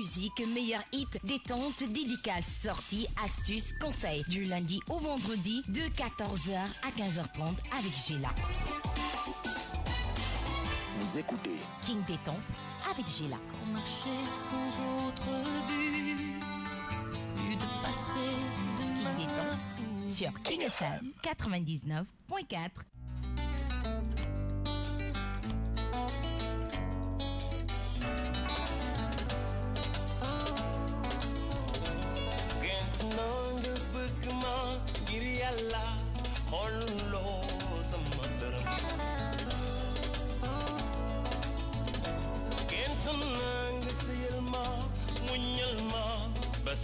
musique, meilleurs hits, détente, dédicace, sorties, astuces, conseils. Du lundi au vendredi de 14h à 15h30 avec Géla. Vous écoutez King Détente avec Géla. sans autre but, plus de passer de King Détente sur King FM 99.4.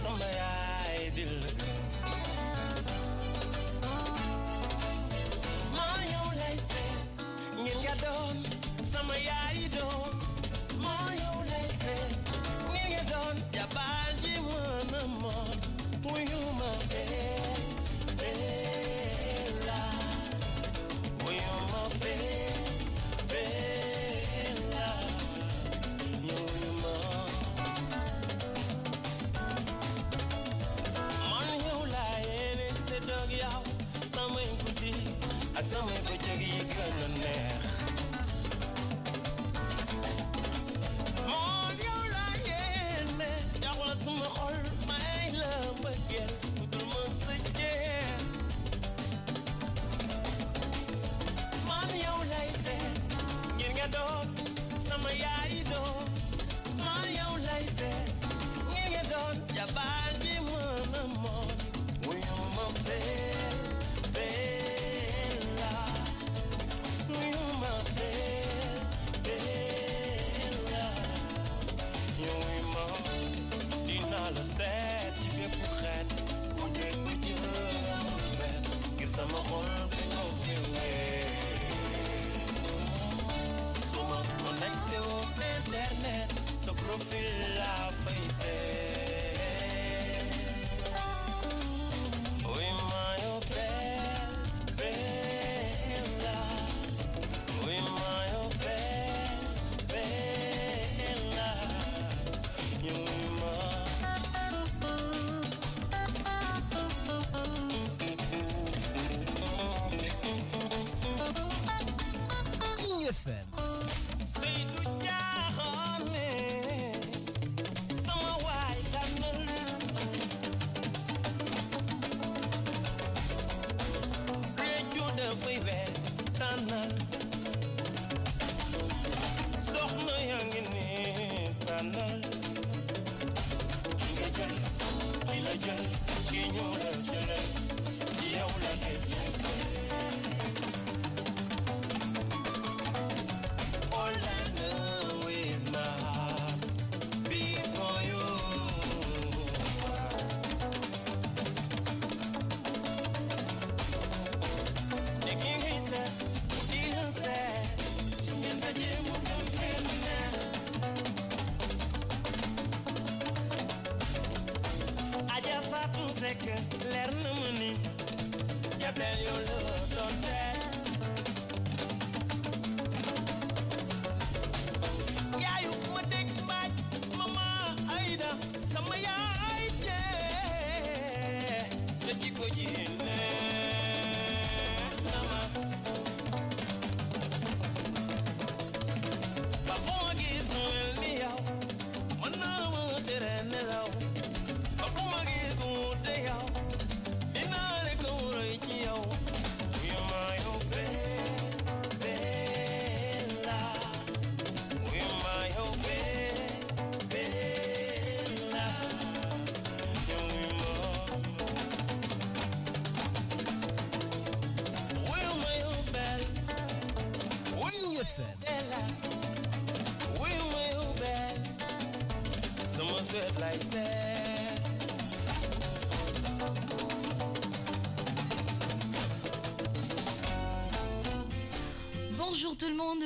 sama yaay dil maa yow lay seet ngeen nga doon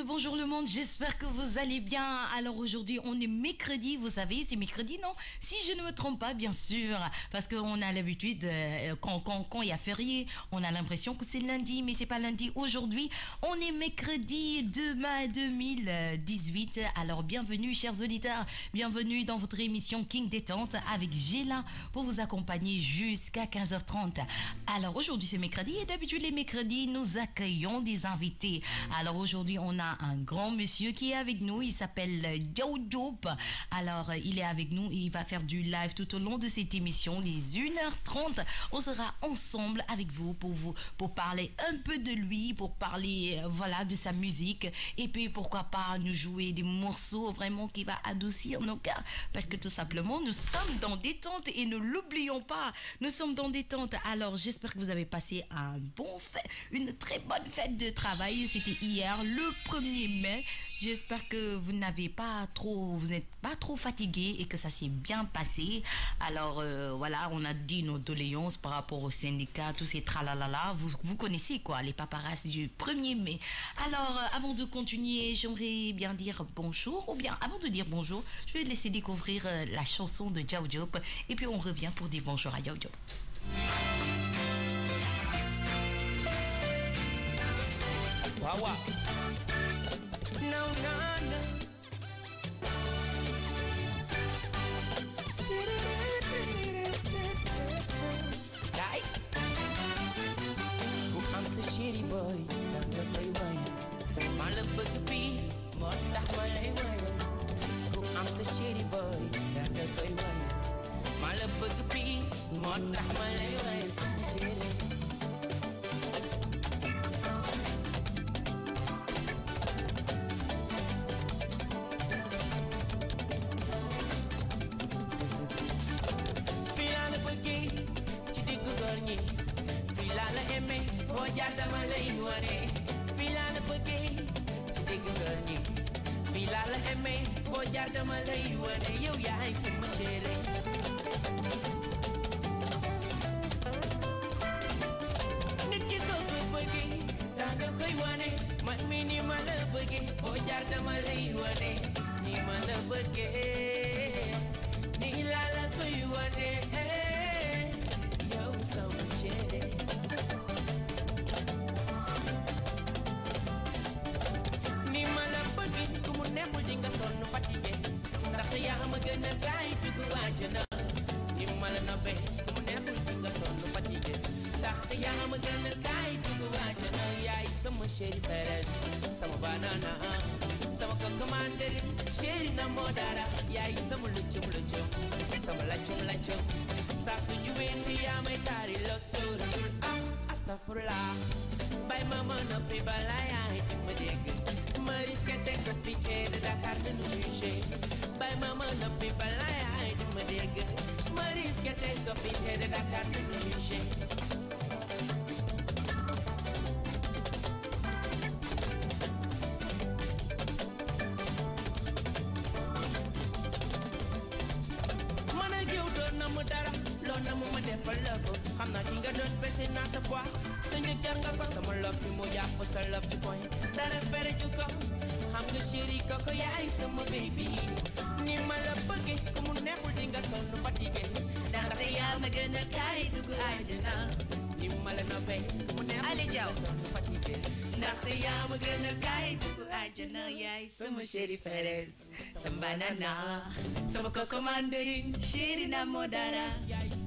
Bonjour le Monde, j'espère que vous allez bien. Alors aujourd'hui, on est mercredi, vous savez, c'est mercredi, non Si je ne me trompe pas, bien sûr, parce qu'on a l'habitude, euh, quand quand, il y a férié, on a l'impression que c'est lundi, mais c'est pas lundi. Aujourd'hui, on est mercredi, demain 2018. Alors bienvenue, chers auditeurs, bienvenue dans votre émission King Détente avec Gela pour vous accompagner jusqu'à 15h30. Alors aujourd'hui c'est mercredi et d'habitude les mercredis nous accueillons des invités. Alors aujourd'hui on a un grand monsieur qui est avec nous, il s'appelle euh, Joe Alors euh, il est avec nous et il va faire du live tout au long de cette émission, les 1h30. On sera ensemble avec vous pour vous pour parler un peu de lui, pour parler euh, voilà de sa musique et puis pourquoi pas nous jouer des morceaux vraiment qui va adoucir nos cœurs parce que tout simplement nous sommes dans des tentes et ne l'oublions pas, nous sommes dans des tentes. Alors j'espère J'espère que vous avez passé un bon fête, une très bonne fête de travail. C'était hier, le 1er mai. J'espère que vous n'avez pas trop, vous n'êtes pas trop fatigué et que ça s'est bien passé. Alors euh, voilà, on a dit nos doléances par rapport au syndicat, tous ces tralalala. Vous, vous connaissez quoi, les paparazzi du 1er mai. Alors euh, avant de continuer, j'aimerais bien dire bonjour ou bien avant de dire bonjour, je vais laisser découvrir euh, la chanson de Jao Diop et puis on revient pour dire bonjour à Jao waaw waaw naw naa la daay ku am sa chéri boy nan la koy waye ma la bëgg bi moo tax ma lay waye ku am sa chéri boy nan la koy waye ma la bëgg bi moo tax ma lay waye sa chéri you're my lady I'm ya isa mulunci mulunci sa mulaci mulaci sa sun yi tara lëpp xam naa ki nga doon bese naa sa poids sa jar nga ko sama lëpp mu jàpp sa lëpp ci poñ dara fere ju ko xam nga chéri koko yaay sama baby ni ma la bëggee ku mu neexul di nga sonn fatigué ndaxte yaa ma a ma la gën a kaay dugg àjjana yaay sama chéri Férès sama banana sama coco mandarine chéri na moo dara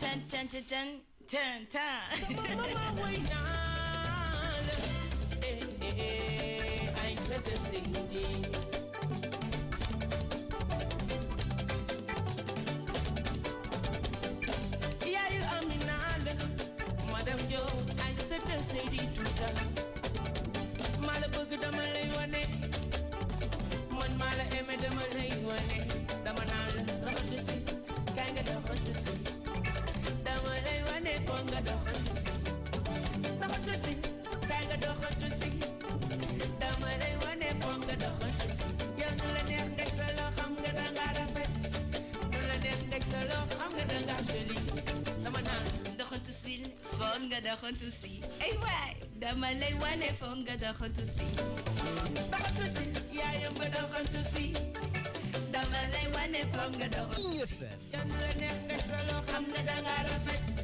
ten, ten, ten, ten, ten, ten. I said the same I said the mala damanal, eh, kanga ne foog nga doxantu si doxantu si saa nga doxantu si dama lay wane foog nga doxantu si yow nu la neex ngay solo xam nga danga rafet nu la neex ngay solo xam nga danga joli dama naan doxantu si foog nga doxantu si ay waay dama lay wane foog nga doxantu si doxantu si yaayam ba doxantu si dama lay wane foog nga doxantu si yow nu la neex ngay solo xam nga danga rafet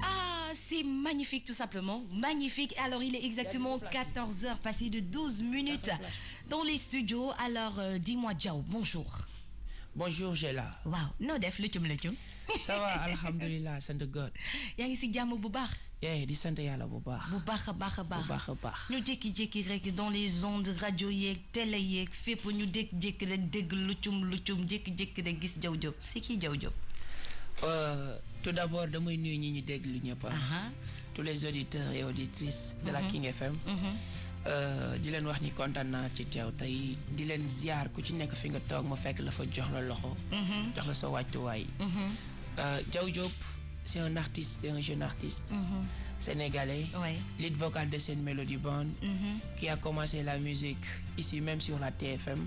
Ah, c'est magnifique tout simplement. Magnifique. Alors il est exactement 14 heures passées de 12 minutes dans les studios. Alors euh, dis-moi ciao, bonjour bonjour là. waaw Non, def le lutum. ça va Alhamdulillah, sainte God. Y'a ngi si bu di bu temps? dans les ondes radio, yek, télé rek gis euh, tout d'abord, nous, ah. uh-huh. tous les auditeurs et auditrices. de la uh-huh. King FM. Uh-huh. Euh, di leen wax ni kontaan naa ci teew tey di leen ziar ku ci nekk fi nga toog ma fekk la fa jox la loxo. Mhm. jox la sa wàccuwaay. Mhm. Euh, Diaw Diop c'est un artiste c'est un jeune artiste. Mhm. sénégalais. lead vocal de cette Melody Bond qui a commencé la musique ici même sur la TFM.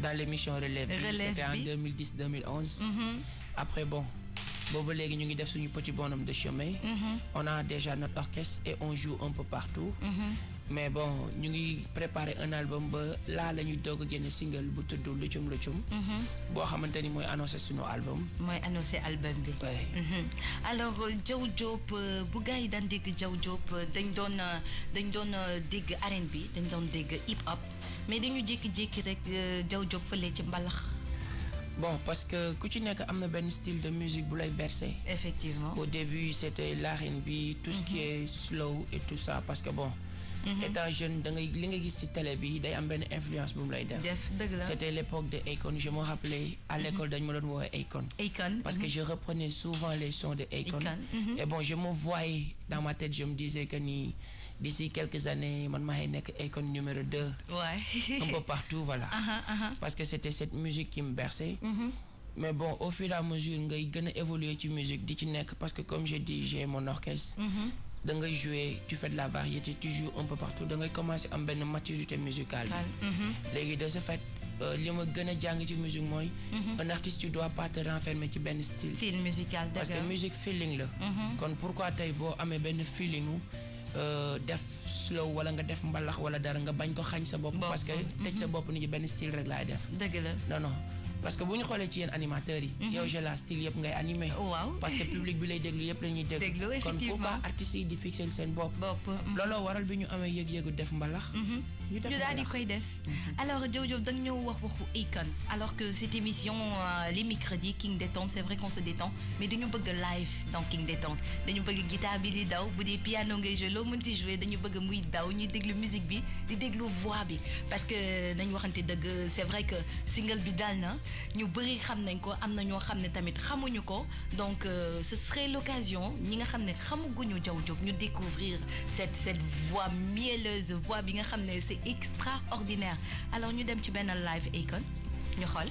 dans l'émission Relève. Relève c'était en 2010 2011. après bon. Mm-hmm. on a déjà notre orchestre et on joue un peu partout. Mm-hmm. mais bon nous avons préparer un album là nous la single bu le chum annoncé suñu album. annoncé album mm-hmm. alors Joe euh, euh, Job, bu euh, dañ dañ R&B dañ hip hop mais dañu jékki que rek fait ci Bon, parce que tu a un style de musique boulay bercé. Effectivement. Au début, c'était l'R&B, tout ce qui mhm. est slow et tout ça. Parce que bon, mhm. étant jeune, dans les télé, il y a une influence moi. C'était l'époque de Akon. Je me rappelais à mhm. l'école de Akon. Akon. Parce que je reprenais souvent les sons de Akon. Et bon, je me voyais dans ma tête, je me disais que d'ici quelques années man maay nek numéro 2, Ouais. un peu partout voilà. Uh-huh, uh-huh. parce que c'était cette musique qui me berçait. Mm-hmm. mais bon au fur et à mesure ngay gëna évoluer évoluer la musique parce que comme j'ai dit j'ai mon orchestre. Donc mm-hmm. da tu fais de la variété tu joues un peu partout da ngay commencer am une maturité musicale mm-hmm. de ce fait. Euh, li ma gën a ci musique un artiste tu dois pas te renfermer ci un style. style musical parce que musique feeling la. kon pourquoi bo tu ben feeling ou. Eh, def slow wala nga def mbalax wala dara nga bañ ko xañ sa bopp parce que mm-hmm. tëj sa bopp ni benn style rek laay def dëgg la non non parce que buñ xolé ci yeen animateur yi. Mhm. yow la style yëpp ngay animer oh, waaw parce que public bi lay déglu yëpp lañuy ñuy déglu. kon pourquoi artiste yi di fixer sen bopp. bop mhm. lolo waral bi ñu amee yëg-yëgu def mbalax. Mhm. ñu def ñu daal di koy def. alors Diop Diop dañ nga wax waxu Akon alors que cette émission euh, les mercredis King Détente c'est vrai qu'on se détend mais dañu bëgg live dans King Détente dañu bëgg guitare bi li daw bu dee piano ngay joué loo ti jouer dañu bëgg muy daw ñuy déglu musique bi di déglu voix bi parce que nañ waxanté deug c'est vrai que single bi dal na ñu bëri xam nañ ko am na ñoo xam ne tamit xamuñu ko donc euh, ce serait l'occasion ñi nga xam ne xamuguñu Diaw Diop ñu découvrir cette cette voix mielleuse voix bi nga xam ne c'est extraordinaire alors ñu dem ci benn live icon. ñu xool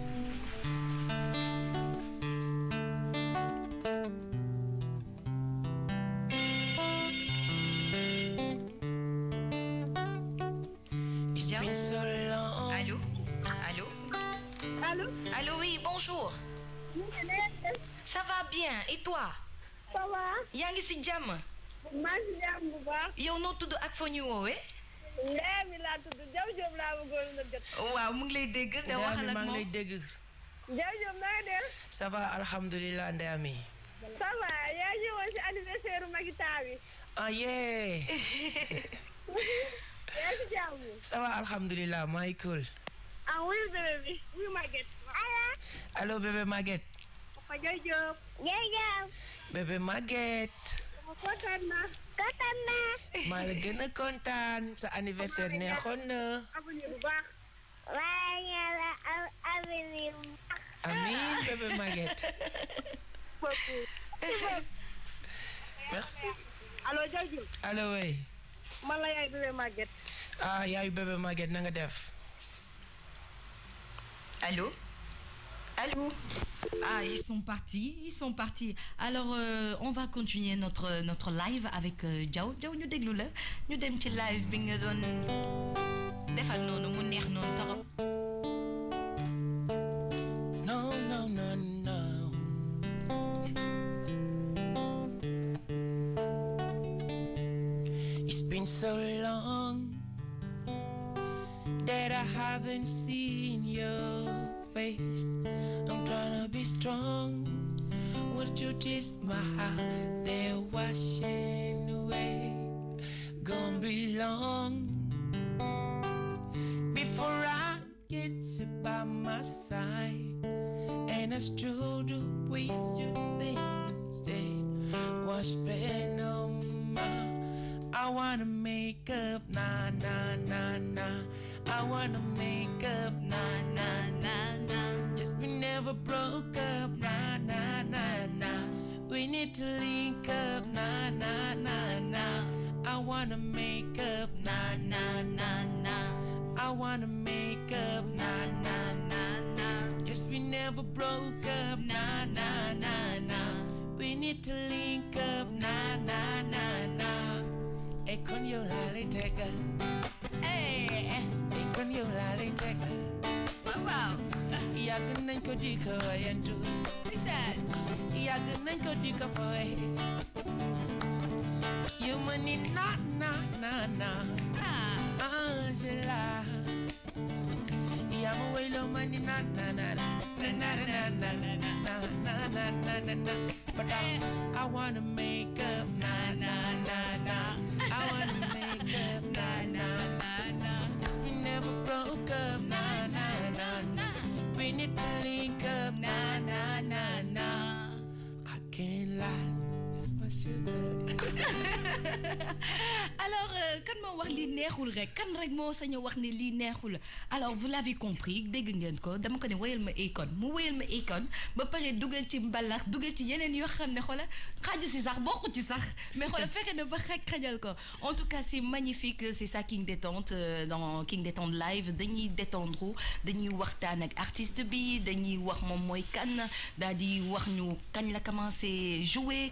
Ça va bien. Et toi Ça va. Yaa si jàmm. maa ngi si jàmm bu baax. yow noo tudd ak foo ñu woowee. ndey mi laa tudd Jaw Jóob laa bëggoon na jot. waaw mu ngi lay dégg. da waxal ak moom maa ngi lay dégg. Jaw Jóob na nga def. ça va alhamdulilah ndey ça va yaa ñëwoon si anniversaire Magi Taa ah yee. ça va alhamdulilah maa ah wuyu bébé bi Maguette. Ah, ah. allo bébé Maguette. Fadio Diop. jërëjëf. bébé Maguette. kontaan gën a kontaan sa anniversaire neexoon na. waa yàlla am avenir bu baax. bébé Maguette. merci. Ah, def. allo. ah, ils sont partis, ils sont partis. Alors, euh, on va continuer notre, notre live avec Jao, euh, Jao ñu Nous la live It's so long that I haven't seen your face. be strong. Would you taste my heart? They're washing away. Gonna be long before I get you by my side. And I stood up ways you think stay. Wash my. I wanna make up, nah, nah, nah, nah. I wanna make up, nah, nah. to link up, nah, nah, nah, nah. I wanna make up, nah, nah, nah, nah. I wanna make up, nah, nah, nah, nah. Guess we never broke up, nah, nah, nah, nah. We need to link up, nah, nah, nah, nah. Hey, con yo la le teca. Hey, hey, con yo la le teca. Wow. Yakin nan ko di ka wayan tu. I, wanna make up na na na na I wanna make up na na na we never broke up na na na na we need to link alors alors vous l'avez compris en tout cas c'est magnifique c'est ça King Détente euh, dans King Détente live artiste jouer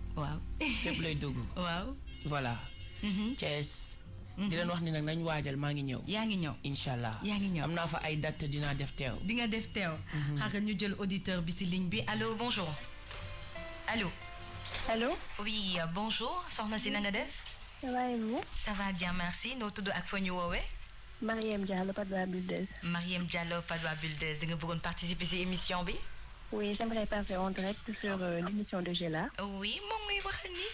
waaw fépp lay dugg. waaw voilà. Thiès. Mhm. Mhm. di leen wax ni nag nañ waajal maa ngi ñëw. yaa ngi ñëw incha allah yaa ngi ñëw am naa fa ay date dinaa def teew. di nga def teew. Mhm. xaaral ñu jël auditeur bi si ligne bi allo bonjour. allo. allo. oui bonjour soxna si na nga def. ça va et vous. ça va bien merci noo tudd ak fa ñu woowee. Mariam Diallo Padois Buldeuse. Mariam Diallo Padois Buldeuse di nga bëggoon participer si émission bi oui j'aimerais passer en direct sur euh, l'émission de Gela. oui mon ngay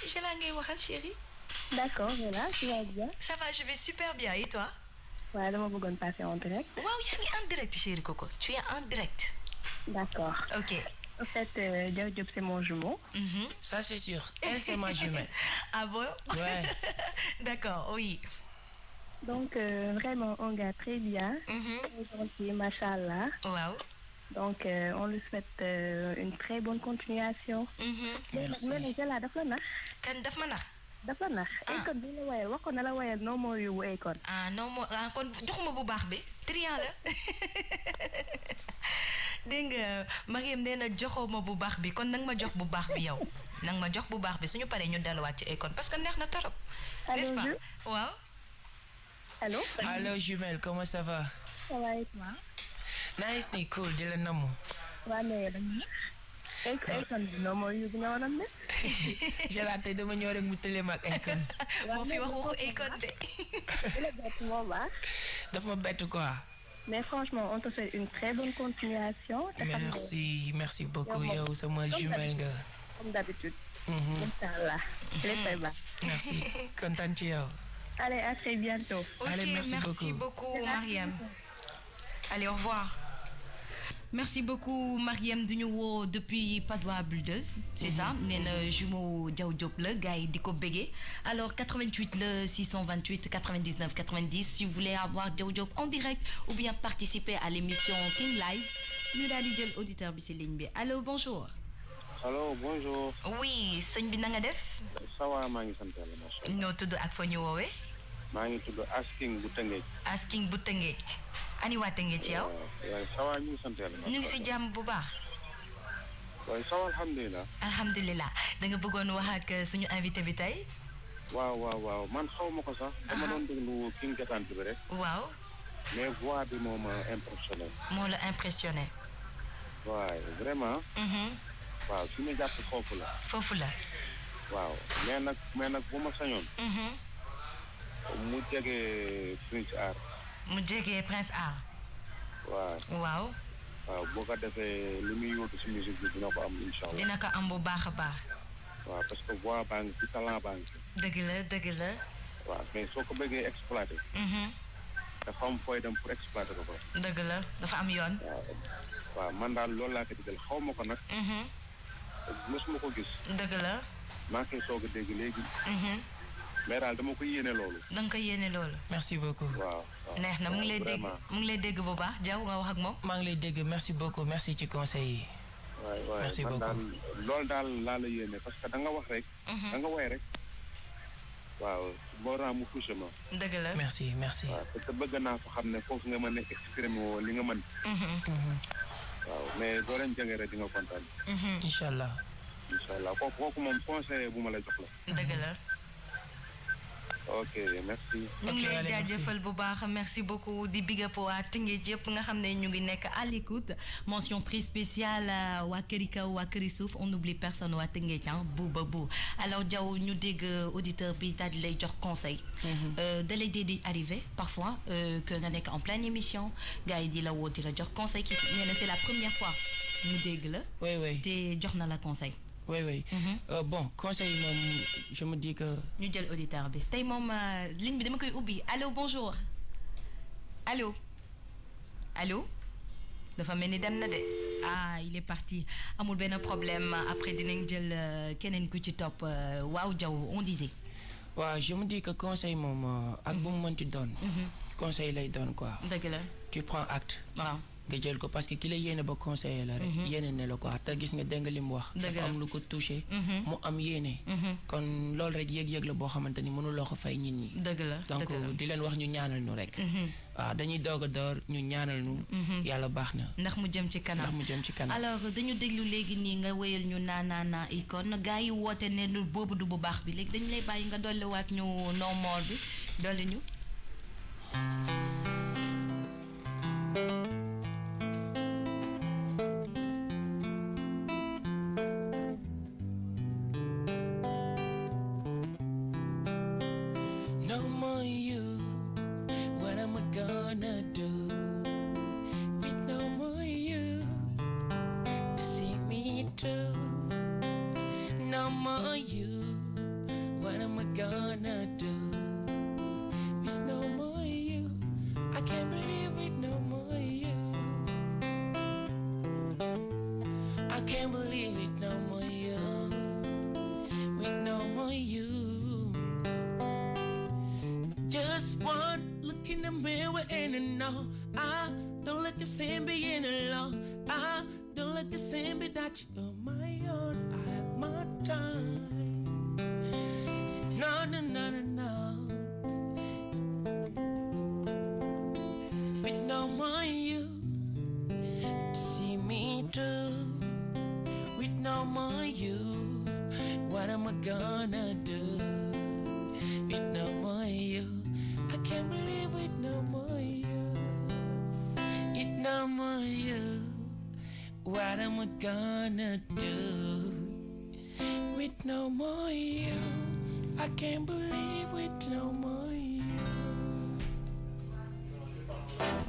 Géla, ni Gela chérie. d'accord Gela tu vas bien. ça va je vais super bien et toi. waaw je bëggoon passer en direct. Oui, je en direct chérie Coco tu es en direct. d'accord ok. En fait, euh, Diop, c'est mon jumeau. Mhm. Ça, c'est sûr. Elle, c'est ma jumelle. ah bon Ouais. D'accord, oui. Donc, euh, vraiment, on va très bien. Mm -hmm. gentil, machallah. Waouh donc euh, on lui souhaite euh, une très bonne continuation. Mhm. merci léegi nag la daf la nax. kan daf ma nax. daf la nax. ah Akon bi la wayal wax ko na la wayal noo moo yu Akon. ah non moo ah kon joxuma bu baax bi triant la. dégg nga Mariam nee na ma bu baax bi kon nang ma jox bu baax bi yow nang ma jox bu baax bi suñu paré ñu wat ci Akon parce que neex na torop n'est-ce pas waaw. allô. allô jumelle comment ça va. ça va et toi nice ni cool di la namu Gelaté dama ñëw rek mu mak ak kan moo fi wax waxu Akon de dafa ma bett quoi mais franchement on te fait une très bonne continuation merci merci beaucoup Yo, c'est jumel nga comme d'habitude mhm. inshallah léppay merci Content ci allez à très bientôt allez merci beaucoup merci beaucoup Mariam allez au revoir merci beaucoup Mariam du depuis Padoa Buldeuse c'est ça mhm. nee jumo jumeau Diaw Diop le gars Diko alors 88 628 99 90 si vous voulez avoir Diaw Diop en direct ou bien participer à l'émission King Live nous allons l'auditeur auditeur bi ligne allô bonjour Allô bonjour. oui c'est bi nga def. ça va maa ngi sant yàlla macha allah. asking bu asking bu ani waate ngeen ci yow. waaw ñu ngi sant ngi si jàmm bu baax. waaye saw alhamdulilah. alhamdulilah da bëggoon wax ak euh, suñu invité bi tey. waaw waaw waaw man xaw ma ko sax. dama doon déglu ki nga gàttant bi rek. waaw. mais voix bi moo ma impressionné. moo la impressionné. waaye vraiment. Mhm. waaw fi jàpp foofu la. foofu la. waaw mais nag mais nag bu ma sañoon. Mhm. mu jege Prince Art. mu jege Prince Art. waaw waaw. waaw boo ko defee lu muy yóotu si musique dina ko am dina ko am bu baax a baax. waaw parce que voix baa ngi ci talent baa ngi ci. dëgg la dëgg la. waaw mais soo ko bëggee exploité. dafa mhm. am fooy dem pour exploité ko dëgg la dafa am yoon. waaw man daal loolu laa ko digal xaw ma ko nag. Mhm. mosuma ko gis. dëgg la. maa ngi koy a dégg léegi. Mhm. mais daal dama ko yéene loolu. da nga ko yéene loolu. merci beaucoup. waaw neex na mu ngi lay dégg mu ngi lay dégg bu baax Diaw nga wax ak moom. maa ngi lay dégg merci beaucoup merci ci conseil yi. merci beaucoup loolu daal laa la yéene parce que da nga wax rek. Mhm. da nga woy rek. waaw moo raamu couche ma. dëgg la merci merci. waaw parce que bëgg naa ko xam ne foofu nga mën a woo li nga mën. Mhm. Mhm. waaw mais doo leen jàngee rek di nga kontaan. incha allah. incha allah kooku moom conseiller bu ma ok merci. ok jaajëfal bu baax merci beaucoup di big up waa Tëngéej yëpp nga xam ne ñu ngi nekk à mention très spéciale waa këri kaw waa on n'oublie personne waa Tëngéej ah hein. bu ba bu alors Diaw ñu dégg euh, auditeur bi daal di lay jox conseil. Mhm. Euh, da lay dee di arrivé parfois euh, que nga nekk en pleine émission gars yi di la woo di la jox conseil ki nee na c'est la première fois ñu dégg la. oui oui te jox na la conseil oui oui. Mhm. Euh, bon conseil je me dis que. ñu jël auditeur bi tey euh, ligne bi dama koy bonjour Allô. Allô. La femme ni dem na ah il est parti amul un problème après dinañ jël euh, Kenen ku ci top waaw jaw on disait. Wa je me dis que conseil moom ak bu mu mhm. tu donnes. Mhm. conseil il donne quoi. tu prends acte. Voilà. nga jël ko parce que ki la yéene ba conseiller la rek mhm. yéene ne la ko te gis nga dégg nga li mu wax dafa am lu ko touché mhm. mu am yéene mhm. kon loolu rek yëg-yëg la boo xamante ni mënuloo ko fay nit ñi dëgg la donc di leen wax ñu ñaanal ñu rek waaw dañuy doog a ñu ñaanal ñu yàlla baax na ndax mu jëm ci kanam ndax mu jëm ci kanam alors dañu déglu léegi nii nga wéyal ñu naanaana icon gars yi woote ne lu boobu du bu baax bi léegi dañu lay bàyyi nga dolliwaat ñu no bi dolli can't believe it no more you with no more you just one look in the mirror and I know I don't like the same being alone I don't like the same but that you on my own I have my time no no no no no with no more you to see me through I'm on you, what am I gonna do? With no more you, I can't believe with no more you. With no more you, what am I gonna do? With no more you, I can't believe with no more.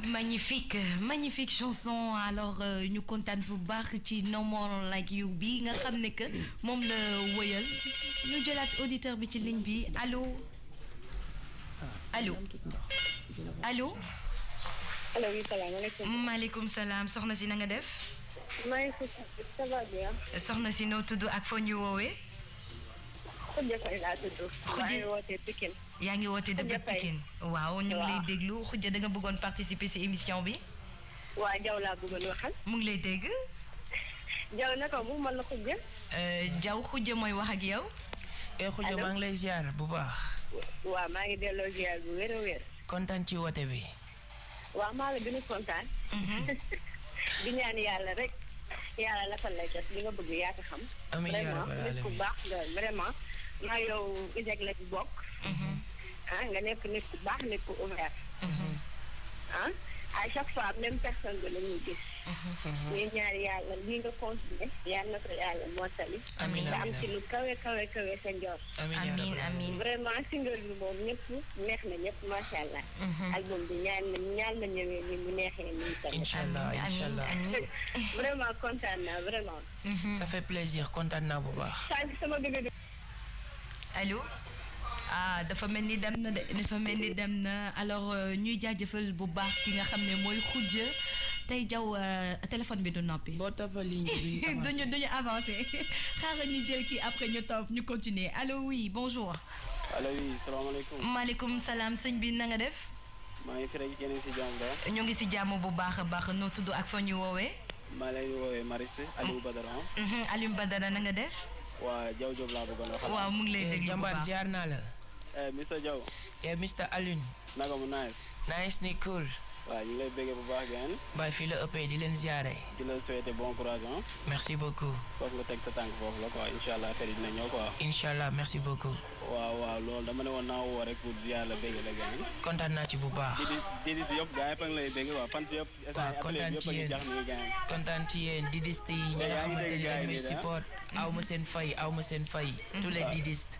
magnifique magnifique chanson alors euh, ñu contente pour baax ci No More Like You bi nga xam que mom la woyal ñu jëlaat auditeur bi ci ligne bi allô allô allô allô oui alaykum maaleykum salaam soxna si nga def. maaleykum ça va bien. soxna si noo tudd ak foo ñu woowee. Khoudia Faye laa tudd. Khoudia maa ngi wootee Pikine. yaa ngi wootee depuis Pikine. waaw ñu ngi lay déglu Khoudia da nga bëggoon participer ci émission bi. waa Diaw laa bëggoon waxal. mu ngi lay dégg. Diaw naka mu man la Khoudia. Diaw euh, Khoudia mooy wax ak yow. Eh, allo maa ngi lay ziar bu baax. waa maa ngi delloo ziar bu wér kontaan ci woote bi. waa maa la gën a kontaan. Mhm. di ñaan yàlla rek. yàlla la fa lay jot li nga bëgg yaa ko xam. amiin yaa rabbal aalamiin vraiment nit ku baax nga vraiment. Il y a la bokk. Mhm. Ah, nga nekk nit ku baax ouvert. Mhm. Ah, à chaque fois même personne de la ñuy gis. Mhm. ñu yàlla nga continuer yàlla na ko yàlla amiin am ci lu vraiment single bi moom ñëpp neex na ñëpp macha allah. album bi ñaan na na ñëwee ni mu neexee incha allah incha allah vraiment naa ça fait plaisir content bu baax. sama Allô ah dafa mel ni dem na de dafa mel ni dem na alors euh, ñuy jaajëfal bu baax ki nga xam ne mooy xujj tey jaw euh, téléphone bi du noppi. boo toppal ligne bi duñu duñu avancé xaaral ñu jël kii après ñu top, ñu continuer Allô, oui bonjour. Allô, oui salaamaaleykum. maaleykum salaam sëñ bi na nga def. maa ngi fi rek yéen a ngi si jàmm ba. ñu ngi si jàmm bu baax a baax noo tudd ak fa ñu woowee. maa lay woowee Maris Aliou ah. Badara. Mhm, Aliou Badara na nga def. waa Diaw Diop laa bëggoon a xam. waaw mu ngi lay déglu bu baax jàmbaar ziar naa la. Eh, Mr Diaw. Eh, Mr Alioune. naka mu nice. nice ni cool. waaw ñu ngi lay béggee bu baax gaan Baye fii la ëppee di leen ziare. di leen souhaiter bon courage ah. merci beaucoup. foofu nga teg sa tànk foofu la quoi incha allah affaire yi dina ñëw quoi. incha allah merci beaucoup. waaw waaw loolu dama ne woon naa woo rek pour ziar la béggee la kontaan naa ci bu baax. di di yëpp gars yi lay béggee waaw kontaan ci yéen kontaan ci yéen didiste yi ñi nga xamante ne ma seen fay aw ma seen fay. tous les didistes.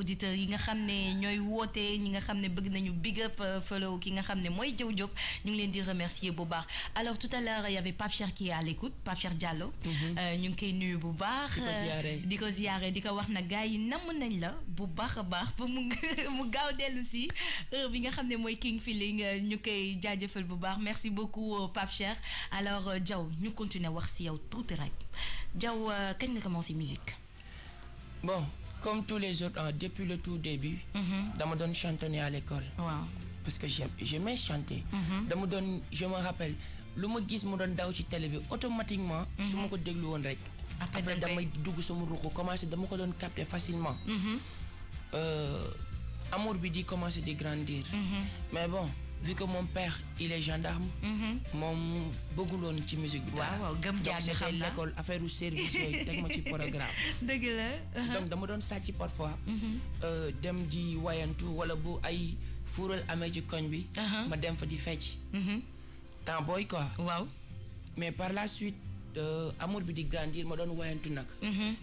auditeurs yi nga xam ne ñooy woote ñi nga xam ne bëgg nañu big up euh, follow ki nga xam ne mooy Diaw Diop ñu ngi leen di remercier bu baax alors tout à l'heure il y avait Pape Cheikh qui est à l'écoute Pape Cheikh Diallo mhm. euh, ñu ngi koy nuyu bu baax di ko ziyaare di ko wax na gars yi namm nañ la bu baax a baax ba mu mu gaaw dellu si heure bi nga xam ne mooy King Feeling euh, ñu koy jaajëfal bu baax merci beaucoup Pape cher alors Diaw ñu continuer wax si yow tuuti rek Diaw kañ nga commencé musique bon comme tous les autres, hein, depuis le tout début, mhm. dama donne chantonner à l'école parce que j'aimais chanter. Mhm. je me rappelle le mu télé automatiquement. je mhm. après je me sama commencé je capter facilement. Euh, amour bi di grandir. mais bon vu que mon père il est gendarme. Mhm. mon beaucoup woon ci musique bi. waaw waaw gëm xam l'école affaire service yooyu teg ci programme. dëgg la. donc dama doon sàcc parfois. Mhm. Euh, dem di wayantu wala bu ay fural amé ci koñ bi. Uh-huh. ma dem fa di fecc. Mhm. temps boy quoi. waaw mais par la suite euh, amour bi di grandir ma doon wayantu nak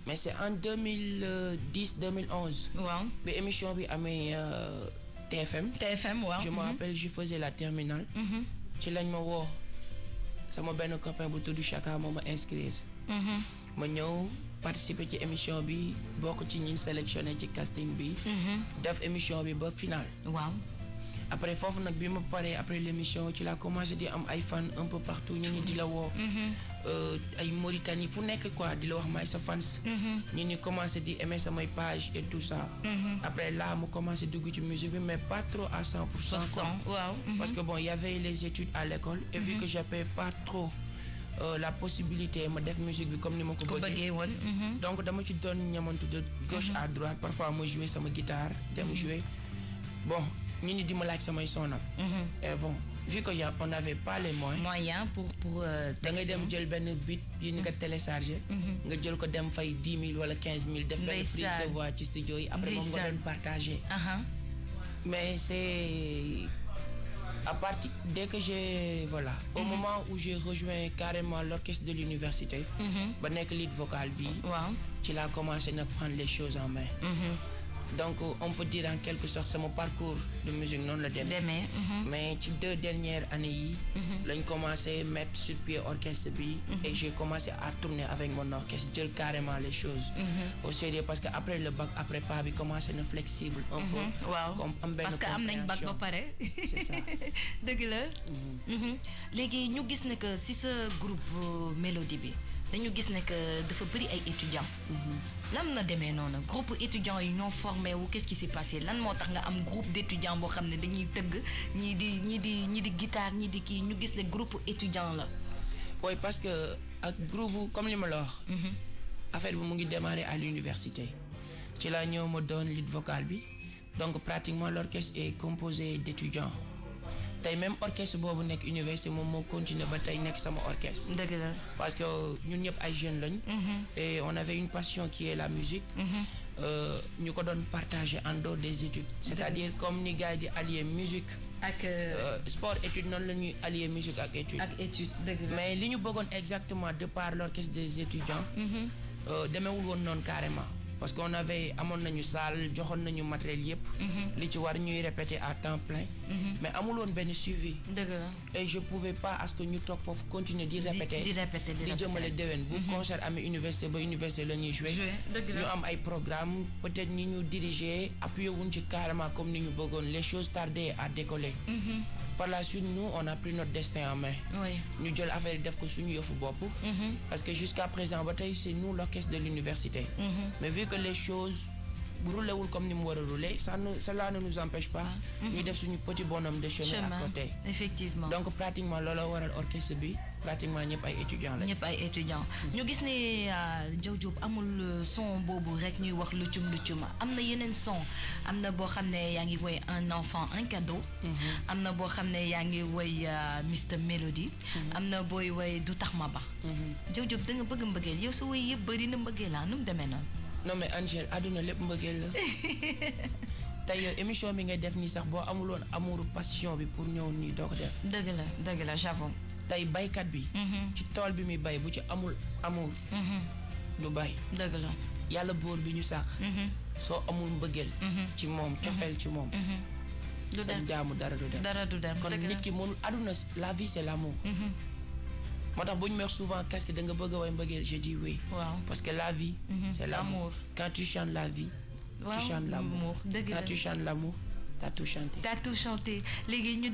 mais c'est en 2010 2011. Euh, waaw ba émission bi euh, TFM. TFM waaw. je me mm-hmm. rappelle je faisais la terminale. Mm-hmm. ci lañ ma woo sama benn copain bu tudd Chaka moo ma inscrire. Mm-hmm. ma ñëw participer ci émission bi bokk ci ñi sélectionné ci casting bi. def émission bi ba final. waaw. après foofu nak bi ma paree après l'émission tu la commencé di am ay fans un peu partout ñu ñi di la mhm. euh ay Mauritanie fu nek quoi di la wax maay sa fans. Mhm. ñi ñi commencé di aimer samay page et tout ça. Mhm. après là mo commencé dugg ci musique bi mais pas trop à 100 pour cent. parce que bon il y avait les études à l'école et vu que j'avais pas trop. Euh, la possibilité ma def musique bi comme ni ma ko donc dama ci donne ñamantu de gauche à droite parfois moi jouer sa guitare dem jouer bon nous ni di ma laaj samay soxna. Mhm. et eh, bon vu que on n'avait pas les moyens. moyens pour pour. Euh, da ngay dem jël ben bit yi ñu ko téléchargé. Mhm. nga jël ko dem fay dix mille wala quinze mille. def benn prise de voix ci studio yi. après on va le partager. mais c'est à partir dès que j'ai voilà au mhm. moment où j'ai rejoint carrément l'orchestre de l'université. ba nekk lead vocal bi. waaw commencé à prendre les choses en main donc on peut dire en quelque sorte c'est mon parcours de musique non le demee mhm. mais ces deux dernières années j'ai commencé commencé mettre sur pied orchestre mhm. et j'ai commencé à tourner avec mon orchestre dire carrément les choses mhm. au sérieux parce qu'après le bac après pas j'ai commencé être flexible un peu Wow. parce que un bac ba pareil. c'est ça D'accord. nous ñu que si ce groupe euh, mélodie dañu gis ne que dafa bëri ay étudiants. Mhm. lan na demee noonu groupe étudiants yi ñoo formé wu qu'est-ce qui s'est passé lan moo tax nga am groupe d'étudiants boo xam ne dañuy tëgg ñii di ñii di ñii di guitare ñii di kii ñu gis ne groupe étudiant la. oui parce que ak groupe comme li ma la wax. Mhm. affaire bi mu ngi démarrer à l'université ci la ñëw ma doon lead vocal bi donc pratiquement l'orchestre est composé d'étudiants. tey même orchestre boobu nekk université moom moo continuer ba tey nekk sama orchestre. dëgg la parce que ñun ñëpp ay jeunes lañ. Mhm. et on avait une passion qui est la musique. Mhm. Euh, ñu ko doon partager en dehors des études. c'est-à-dire mhm. comme ni gars di allier musique. ak euh, euh, sport étude noonu la allier musique ak étude. mais li ñu bëggoon exactement de par l'orchestre des étudiants. demeewul woon noonu carrément. parce qu'on avait amon nañu salle joxon nañu matériel yépp mhm. li ci war ñuy répéter à temps plein. Mhm. mais amul won benn suivi. dëgg et je pouvais pas à ce que ñu tok fofu continuer di. répéter di répéter di jëmale déwén. bu mhm. concert amee université ba université la ñuy joué. ñu am ay programme peut-être ñi ñu diriger appuyer wuñ ci carrément comme ni ñu bëggoon les choses tardaient à décoller par la suite nous on a pris notre destin en main. Nous, le affaire que def ko suñu yëfu pour, mhm. parce que jusqu'à présent c'est nous l'orchestre de l'université. Mhm. mais vu que les choses bu comme ni mu rouler ça ne cela ne nous empêche pas. Mm-hmm. ñuy def suñu petit bonhomme de chemin. à côté effectivement donc pratiquement looloo waral orchestre bi pratiquement a ay étudiants lañ. a ay étudiants mm-hmm. ñu gis sommes euh, Diaw Diop amul son boobu rek ñuy wax lucum lucum am na yeneen son am na boo xam ne ngi woy un enfant un cadeau. Mm-hmm. am na boo xam ne ngi woy euh, Mr Melody. am na booy woy du tax ma ba. Diaw da nga bëgg mbëggeel yow sa woy yëpp bëri na mbëggeel ah nu mu non mais Angèle àdduna lépp mbëggeel la tey yow émission bi ngay def nii sax boo amuloon amouru passion bi pour ñëw nii doo ko def. dëgg la dëgg la j'avoue. tey baykat bi. Mm-hmm. ci tool bi muy bay bu ci amul amour. du mm-hmm. bay. dëgg la yàlla bóor bi ñu sàq. Mm-hmm. soo amul mbëggeel. ci moom cofeel ci moom. du dem sa jaamu dara du dem. dara du dem kon nit ki mënul àdduna la vie c'est Moi, souvent qu'est-ce que je dis oui. parce que la vie. Mhm. c'est l'amour quand tu chantes la vie. tu chantes l'amour quand tu chantes l'amour T'as tout chanté. T'as tout chanté. Les nous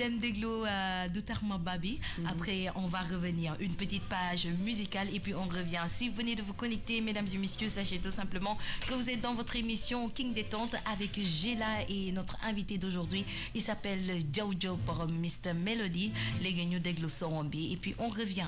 d'Outarma euh, Babi. Mhm. Après, on va revenir. Une petite page musicale et puis on revient. Si vous venez de vous connecter, mesdames et messieurs, sachez tout simplement que vous êtes dans votre émission King Détente avec Gela et notre invité d'aujourd'hui. Il s'appelle Jojo pour Mr. Melody. Les nous deglo Et puis on revient.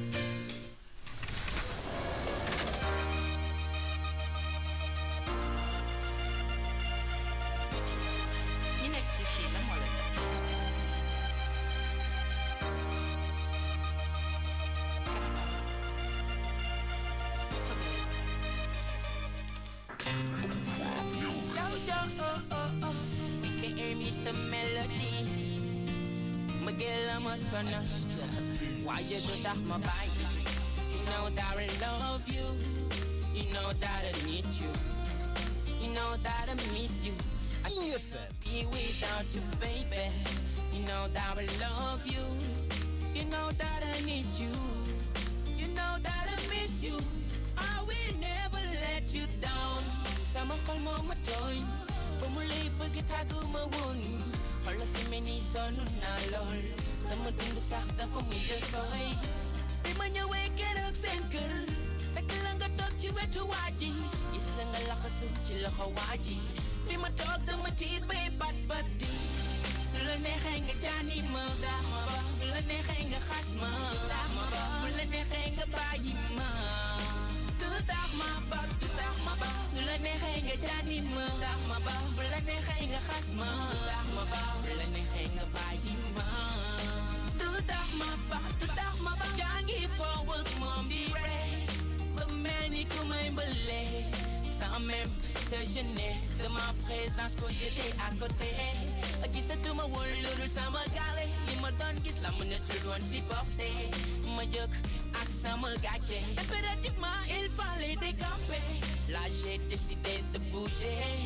Si de bouger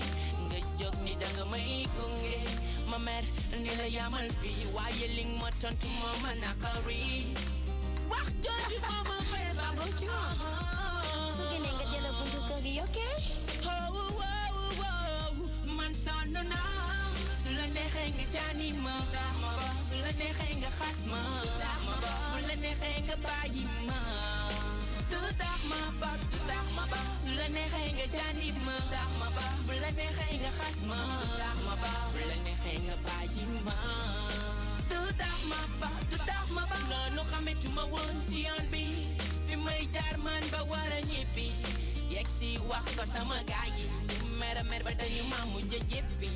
nga jóg ni da nga may gunge eh. ma mer ni la yamal fii waaye li ma tontu moo ma naqari wax jooju moo ma xëy ba ba ci su gënee nga jëla buntu kër gi ok oh, oh, oh, oh. man sonn naa su la neexee nga jaani ma su la neexee nga xas ma bu la neexee nga bàyyi du ma ba du tax ma ba su la neexee nga ma tax ma ba bu la neexee nga ma tax ma ba bu la neexee nga baajin ma du tax ma ba du tax ma ba noonu xamatuma woon yoon bi fi may jaar man ba war a ñibbi yegg si wax ko sama gaay yi mer mer ba dañu ma mujj jéppi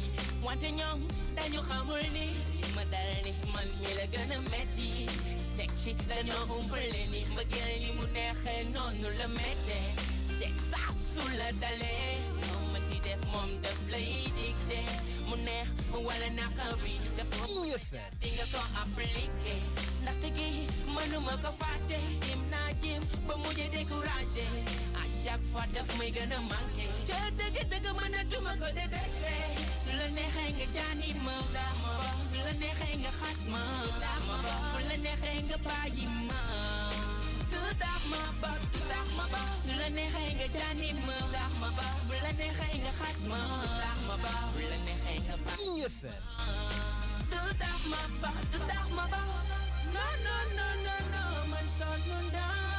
wante ñoom dañu xamul ni ma dal ni man mi la gën metti ci dañoo umpale ni mbëggeel ni mu neexee noonu la métte teg sax su la dalee moom ma di def moom daf lay dicté mu neex wala naqari te di nga ko appliqué ndaxte gi ma ko fàtte jim naa jim ba mujj découragé chaque fois daf may gën a manqué ca dëgg dëgg mënatuma ko détesté su la neexee nga jaani ma daa ma ba su la neexee nga xas ma daa ma ba su la neexee nga bàyyi ma tu daax ma ba tu daax ma ba su la neexee nga jaani ma daax ma ba bu la neexee nga xas ma daax ma ba bu la neexee nga bàyyi tu daax ma ba tu daax ma ba non non non non non man sonn naa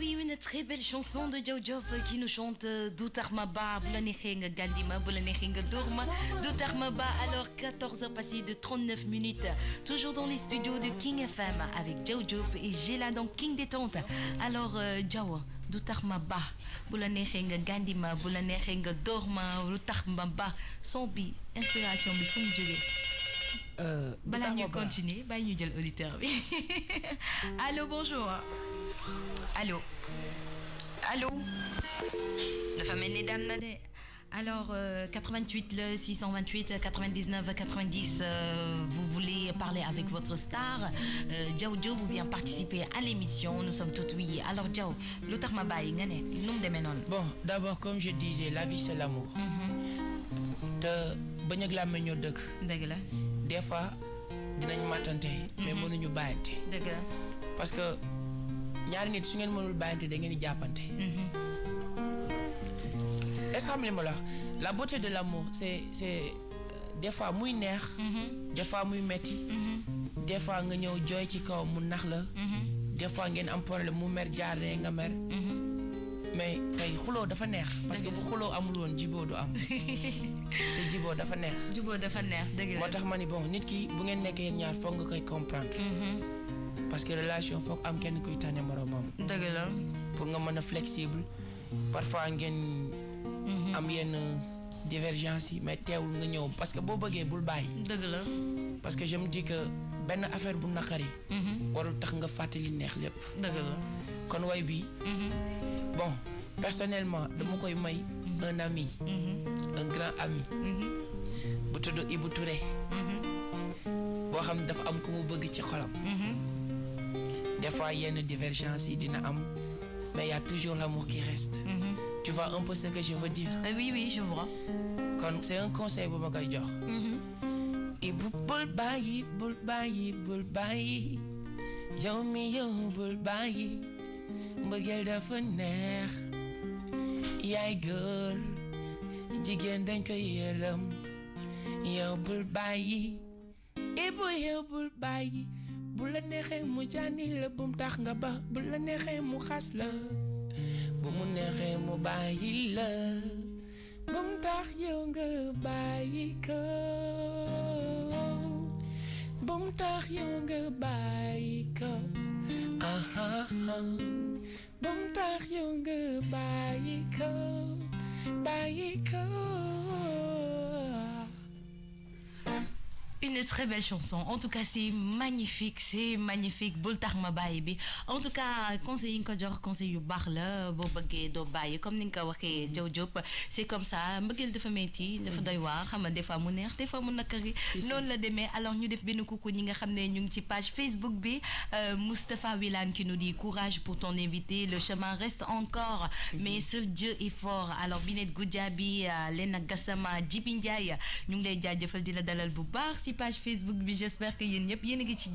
oui, une très belle chanson de Jojo qui nous chante euh, Doutarmaba, Blanekheng Gandima, Dorma Dourma, Doutarmaba, alors 14h passées de 39 minutes, toujours dans les studios de King FM avec Jojo et Gela dans King Détente. Alors, euh, Joe, Ba tax Gandima baax Dorma la nga inspiration de fu euh, balaa ñuy continuer bonjour Allô. Allô. alors 88 628 99 90 vous voulez parler avec votre star Djao Djao, vous bien participer à l'émission nous sommes toutes oui alors Djao, l'autre ma bon d'abord comme je disais la vie c'est l'amour. Mhm. te des fois dinañ matante mais mhm. mënuñu bàyyante dëgg la parce que ñaari nit su ngeen mënul bàyyante da ngeen di jàppante mhm. est-ce que xam ne ma la la beauté de l'amour c'est c'est euh, des fois muy neex mhm. des muy metti des fois nga ñëw jooy ci kaw mu nax la des ngeen am problème mu mer jaaree nga mer mais tey xuloo dafa neex. parce que bu xuloo amul woon jiboo du am. te jiboo dafa neex. jiboo dafa neex dëgg moo tax ma ni bon nit ki bu ngeen nekkee ñaar foog nga koy comprendre. Mm-hmm. parce que relation foog am kenn kuy tànne moroomam. dëgg la pour nga mën a flexible parfois ngeen. Mm-hmm. am yenn divergence yi mais teewul nga ñëw parce que boo bëggee bul bàyyi. dëgg la. parce que je me dis que ben affaire bu naqari. Mhm. warul tax nga fàtte li neex lepp dëgg la kon way bi mhm. bon personnellement dama koy may. Mhm. un ami. un grand ami. bu tudd Ibou Touré. bo xam dafa am ku mu bëgg ci xolam. des fois yenn divergence yi dina am mais il y a toujours l'amour qui reste. tu vois un peu ce que je veux dire. Euh, oui oui je vois. c'est un conseil bu ma koy jox. Ibu bul bàyyi bul bàyyi bul bàyyi yow mi yow bul bàyyi mbëggeel dafa neex yaay góor jigéen dañ koy yërëm yow bul bàyyi Ibu yow bul bàyyi bu la neexee mu jaani la bum tax nga ba bu la neexee mu xas la bu mu mu bàyyi la bum tax yow nga bàyyi ko bum tax yow nga bàyyi ahaha bum tax yow nga bàyyi ko bàyyi Une très belle chanson. En tout cas, c'est magnifique. C'est magnifique. Boltar Mabaye. En tout cas, conseil Nkodjor, conseil baguette Bobagé, Dobaye, comme Ninka Waké, Djodjop. C'est comme ça. Mbagil de Fameti, de Fodaiwa, mhm. Hama, des fois Mouner, des fois Mounakari. Non, la démé. Alors, nous devons nous coucou, Ninga Hamne, Nungti page Facebook B. Euh, Mustapha Wilan qui nous dit courage pour ton invité. Le chemin reste encore, mhm. mais seul Dieu est fort. Alors, Binet Goudjabi, euh, Lena Gassama, Djibindjaye, Nungay Djadjefel, Dila Dalal Boubar page Facebook mais j'espère que bien dit a ci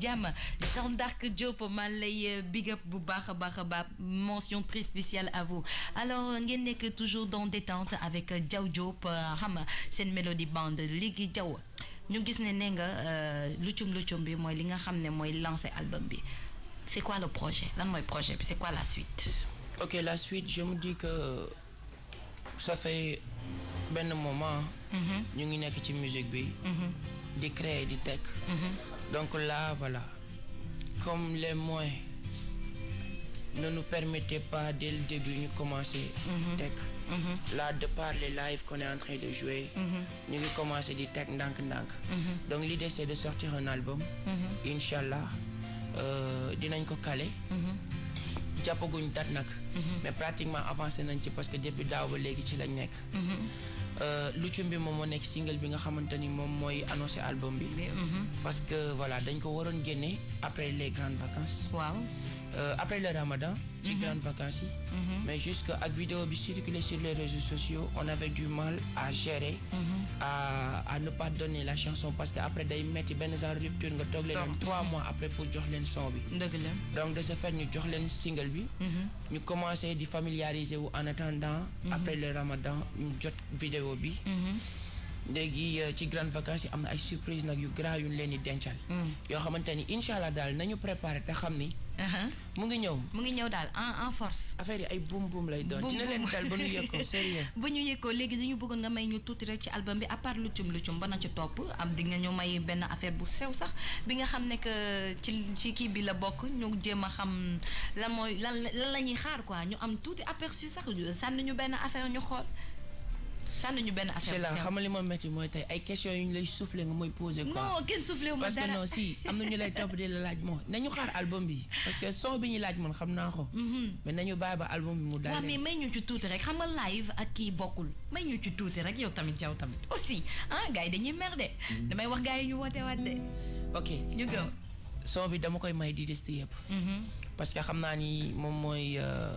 job euh, big up bu mention très spéciale à vous alors ngeen que toujours dans détente avec euh, Diop euh, xam mélodie bande jaw ñu gis ne nga bi moy li nga ne lancer album bi c'est quoi le projet lan projet c'est quoi la suite. ok la suite je me dis que ça fait un moment. que nous avons ci musique bi. Mhm. créer tech mhm. donc là voilà comme les mois ne nous permettaient pas dès le début de commencer. Mhm. tech. là de par les lives qu'on est en train de jouer. nous avons commencer du tech donc l'idée c'est de sortir un album. Inch'Allah euh, de Nanko ko jàppaguñ dat nag. Mhm. mais pratiquement avancé nañ ci parce que depuis daaw ba léegi ci lañ nekk. Mhm. Euh, Luccum bi moom moo nekk single bi nga xamante ni moom mooy annoncé album bi. Mhm. parce que voilà dañ ko waroon génne après les grandes vacances. Euh, après le ramadan, j'ai mm grandes vacances. Mhm. Mais jusqu'à vidéo qui circulait sur les réseaux sociaux, on avait du mal à gérer, mhm. à, ne pas donner la chanson parce qu'après, ils mettent ben en rupture, trois mois après pour Jorlen le son. Donc, de ce fait, nous avons le single. Nous mhm. commençons à familiariser en attendant, après le ramadan, une avons vidéo. léegi euh, ci grande vacances yi am ay surprise nag yu grand yu leen di dencal. Hmm. yoo xamante ni incha allah daal nañu préparé te xam ni. Uh-huh. mu ngi ñëw. mu ngi ñëw daal en en force. affaire yi ay buum buum lay doon. dina leen dal ba ñu yëg ko ba ñu yëg ko léegi dañu bëggoon nga may ñu tuuti rek ci album bi à part Luccum Luccum ba na ci topp am di nga ñu may benn affaire bu sew sax bi nga xam ne que ci ci kii bi la bokk ñu jéem a xam lan mooy lan lan la ñuy xaar quoi ñu am tuuti aperçu sax sànni ñu benn affaire ñu sànni ñu benn affaire la xam li ma métti mooy tey ay question yu ñu bi parce que son bi ñu laaj man xam naa ko. Mm-hmm. mais nañu bàyyi ba album bi mu daal. may ñu tuuti rek xam nga live ak kii bokkul may ñu tuuti rek yow tamit jaw tamit aussi ah, mm-hmm. mm-hmm. xam naa ni moom mooy. Euh,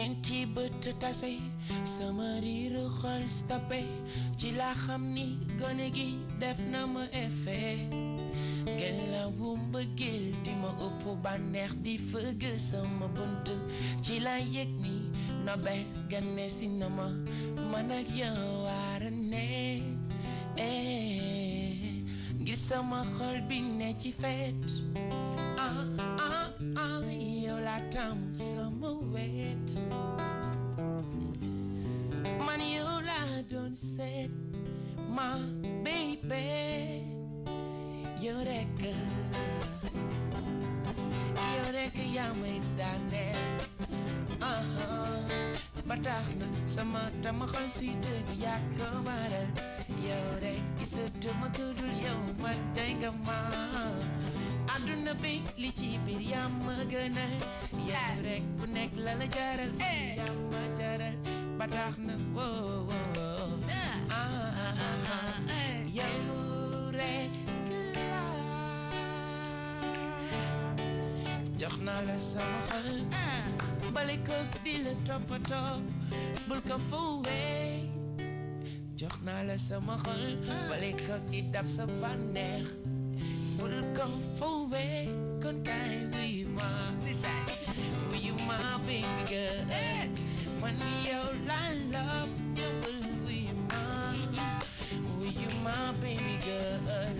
ñeenti bët tase sama riiru xol stoppé ci laa xam ni gone gi def na ma effet ngelawu mbëggeel di ma ëpp bànneex di fëgg sama bunt ci la yëg ni nobel gane si na ma man ak yow war ne ngir sama xol bi ne ci feet ah ah ah of summer wet. Maniola done said, my baby, you're You're Uh huh, but yamwe dane. Aha. Batag na sama tama gaan zitten jakobare. Eureka is het te makkelijk, joh, maar denk aan àdduna bi li ci biir yaa ma gënal yaa rek bu nekk la la jaral eh. yaa ma jaral ba tax na woo woo eh. ah, ah, ah, eh. yow rek jox naa la sama xol bale ko di la toppatoo bul ko fowee jox naa la sama xol bale ko di dab sa bànneex Muốn come phố về con cái gì mà Will you my baby girl When eh? you line love you will be my. Will you my baby girl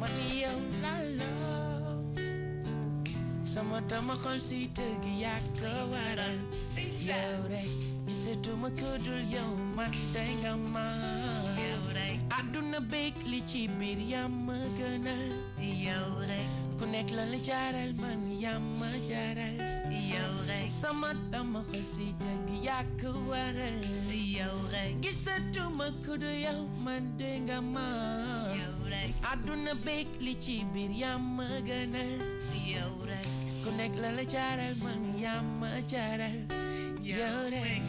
When your line love Samatama kon si tegi yakawaran Yow rek Gisatuma kudul yow man dengam man àdduna béeg li ci biir yam ma gënal yow rek ku nekk la la jaaral man yam ma jaaral yow rek sama tama xol si dëgg yàkk waral yow rek gisatuma ku du yow man de nga ma yow àdduna béeg li ci biir yam ma gënal yow rek ku nekk la la jaaral man yam ma jaaral yow rek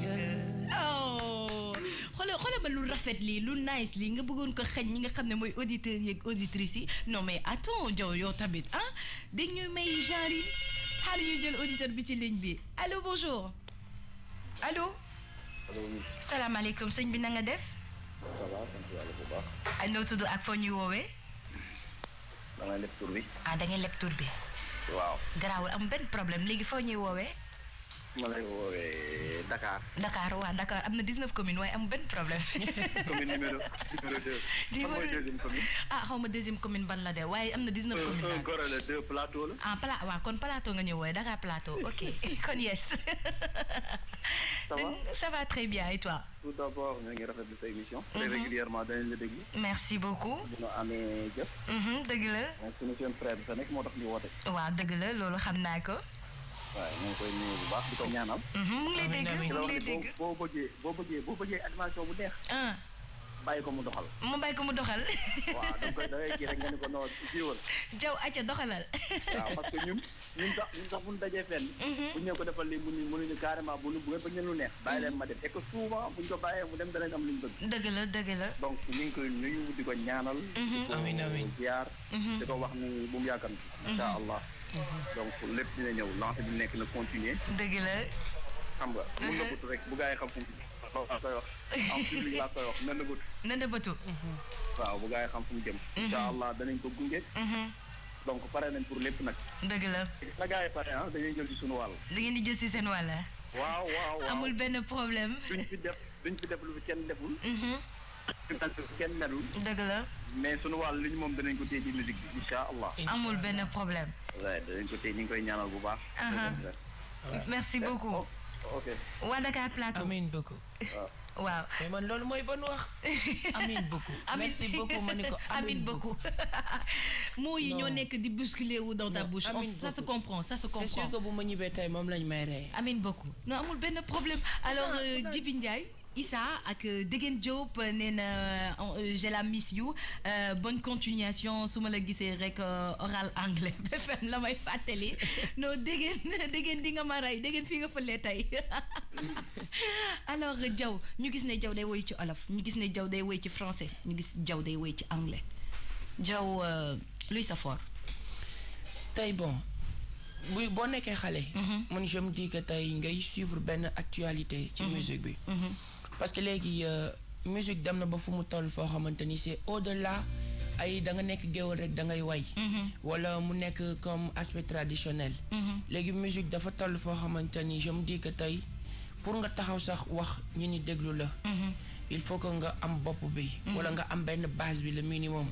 xoolal xoolal ma lu rafet lii lu nice lii nga bëggoon ko xëñ ñi nga xam ne mooy auditeurs yeeg auditrices yi non mais attends Diaw yow tamit ah dañuy may genre yi xaar yu jël auditeur bi ci ligne bi allo bonjour allo. allo. salaamaaleykum sëñ bi nanga def. ça va sant yàlla ak ah, noo tudd foo ñuy woowee. da ngay bi. ah da léegi foo ñuy woowee. ma lay woowee Dakar. Dakar waaw oh, Dakar am na 19 communes eh, waaye am benn problème. commune numéro numéro 2. di wër deuxième commune. ah xaw ma deuxième commune ban la de waaye am na 19. communes daal un Gorée la deux plateau la. ah pla waaw ah, kon plateau nga ñëw woowee Dakar plateau ok kon yes. ça va ça va très bien et toi. tout d' abord ñu ngi rafetlu sa émission. très mm-hmm. régulièrement dañu la déglu. merci beaucoup. dina amee jëf. dëgg la. sa nekk moo tax ñu woote. waaw dëgg loolu xam naa ko. waaw ñu ngi koy nuyu bu baax di ko ñaanal. Mhm, mu ngi bu neex. Ah. bàyyi ko mu doxal. mu bàyyi ko mu doxal. waaw donc da ngay kii rek nga ni ko noo jiwal. jaw acca doxalal. Mhm. ko defal lii mënuñu lu neex. bàyyi leen ma dem et que souvent bu ñu ko bàyyee mu dem danañ am lu bëgg. dëgg la dëgg la. donc ñu ngi koy nuyu di ko ñaanal. Mhm. amiin amiin di ko ziar. ko wax ni bu mu yàggam. incha allah. Mm-hmm. donc lépp dina ñëw lancé bi nekk na continuer. dëgg la. xam nga. mën na bëtu rek bu gaa yi xam fu mu laa koy wax en public laa koy wax na na bëtu. na na bëtu. allah danañ ko gunge. Mm-hmm. donc pare nañ pour lépp nag. dëgg la. la gaa yi pare ah dañuy jël ci suñu wàll. da ngeen di jël ci seen wàll. waaw waaw waaw amul benn problème. duñ fi def duñ fi def lu fi kenn deful. Mm-hmm. kenn melul. dëgg la. mais sunu wàll li ñu moom danañ ko téye ci musique bi incha allah. amul benn problème. waaw danañ ko tey koy ñaanal bu baax. merci beaucoup. Oh, ok. waa Dakar Plateau. amiin beaucoup. waaw mais man loolu mooy bon wax amiin beaucoup. merci beaucoup ma ne ko amiin beaucoup. mots yi ñoo nekk di bousculer wu dans ta bouche. ça se comprend ça se comprend. c'est sûr que bu ma ñibbee tey moom lañ may rey. amiin beaucoup non amul ben, problème alors euh, Djibi Ndiaye. Issa ak euh, Degen Diop euh, nee na euh, j'ai la miss you bonne continuation su ma la gisee rek oral anglais BFM la may fàttali non Degen Degen di nga ma rey Degen fii nga fële tay alors Diaw ñu gis ne Diaw day woy ci olof ñu gis ne Diaw day woy ci français ñu gis Diaw day woy ci anglais Diaw luy sa fort. tey bon bu boo nekkee xale. Mhm. man je me dis que tey ngay suivre ben actualité. ci mhm. musique bi. Mhm parce que léegi euh, musique dem ba fumu toll fo xamanteni c'est au-delà ay da nga nek géwél rek da ngay way mm-hmm. wala mu nek comme aspect traditionnel mm-hmm. légui musique dafa toll fo xamanteni je me dis que tay pour nga taxaw sax wax ñi ni déglu la mm-hmm. il faut que nga am bop bi wala nga am ben base bi le minimum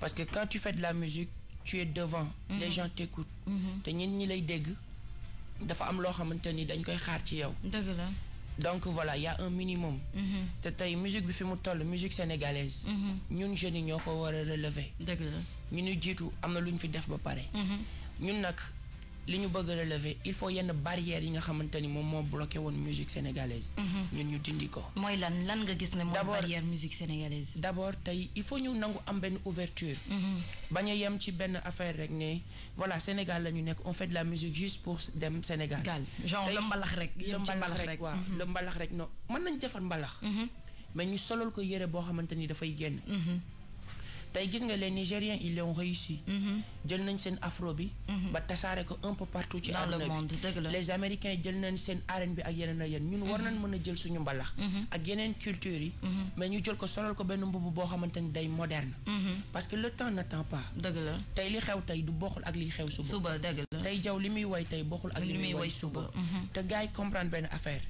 parce que quand tu fais de la musique tu es devant les gens t'écoutent te ñi ñi lay dégg dafa am lo xamanteni dañ koy xaar ci yow dëgg la donc voilà il y a un minimum. Mhm. te tey musique bi fi mu toll musique sénégalaise. Mhm. ñun jeunes yi ñoo relever. d'accord la ñu ñu jiitu am na lu ñu fi def ba mhm. ñun li ñu bëgg relever il faut yenn barrière yi nga xamante ni moom moo bloqué woon musique sénégalaise. Mhm. ñun ñu dindi ko. mooy lan lan nga gis ne mooy barrière musique sénégalaise. d' abord tey il faut ñu nangu am benn ouverture mhm. bañ a yem ci benn affaire rek ne voilà Sénégal la ñu nekk on fait de la musique juste pour dem Sénégal. genre le mbalax rek. le mbalax rek waaw mhm. le mbalax rek non man nañ defar mbalax. mais ñu solol ko yére boo xamante ni dafay génn. tey gis nga les Nigériens ils l'ont réussi mhm. jël nañ seen afro bi mhm. ba tasaare ko un peu partout ci àdduna bi les américains jël nañ seen arène bi ak yeneen ak yeneen ñun war nañ mhm. mën a jël suñu mbalax ak yeneen culture yi mais ñu jël ko solal ko benn mbubb boo xamante day moderne parce le temps n'attend pas tey li xew tey du bokkul ak li xew suba tey jaw li muy woy tey bokkul ak li muy woy suba te gars comprendre benn affaire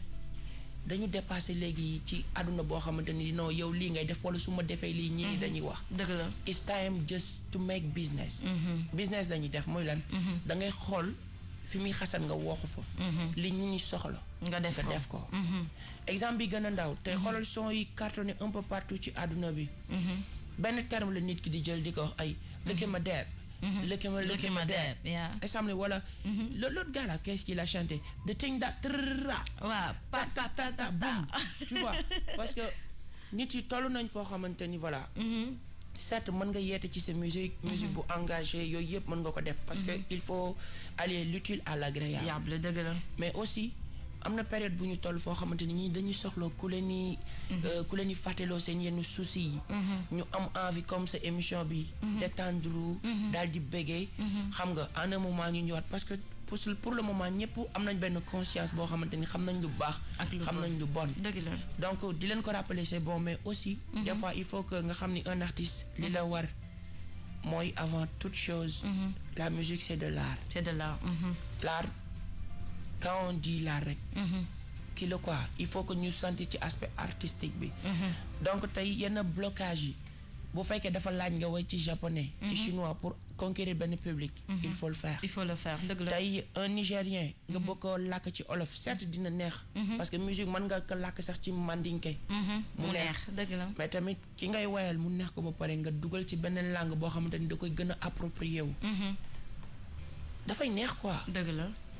dañu dépassé léegi ci àdduna boo xamante ni non yow lii ngay def wala su ma defee lii ñii mhm. dañuy wax. dëgg la it's time just to make business. Mhm. business lañuy def mooy lan. Mhm. da ngay xool fi muy xasan nga wooxu fa. li ñu ñu soxla. nga def ko nga def ko. exemple bi gën a ndaw. te xoolal son yi cartonné un peu partout ci àdduna bi. benn terme la nit ki di jël di ko wax ay. dëkk ma deeb. Mm-hmm. Look at my, look at my dad. Yeah. Et ça me voilà. Mm-hmm. L'autre gars là, qu'est-ce qu'il a chanté? The thing that. Wow. Ta ta ta ta. Boum. Tu vois? Parce que ni tu toll nañ foo xamante ni voilà. Mm-hmm. certes mën nga yeete ci sa musique musique pour engager, yooyu yëpp mën nga ko def parce que il faut aller l'utile à l'agréable dëgg la mais aussi amna période bu ñu toll fo xamanteni ni ñi dañuy soxlo ku leen ni mhm. euh, ku leen ni fàtteloo seen yenn souci yi mhm. ñu am envie comme sa émission bi mhm. détendre dal di béggee xam nga en un moment ñu ñëwaat parce que pour pour le moment ñëpp am nañ benn conscience boo xamante ni xam nañ lu baax. ak lu xam nañ lu bon. donc di leen ko rappeler c'est bon mais aussi. des fois il faut que nga xam ni un artiste. li la war mooy avant toute chose. la musique c'est de l'art. c'est de l'art. l'art quand on dit l'art rek mm-hmm. kii le quoi il faut que nous sentir ci aspect artistique bi mm-hmm. donc tey yenn blocage yi bu fekkee dafa laaj nga woy ci japonais ci mm-hmm. chinois pour conquérir benn public il faut le faire il faut le faire dëgg la tey un nigérien nga bëgg ko làkk ci olof certes dina neex parce que musique mën nga ko làkk sax ci mandinke mu neex dëgg la mais tamit ki ngay woyal mu neex ko ba pare nga dugal ci beneen langue boo xamante ni da koy gën a approprié wu dafay neex quoi dëgg la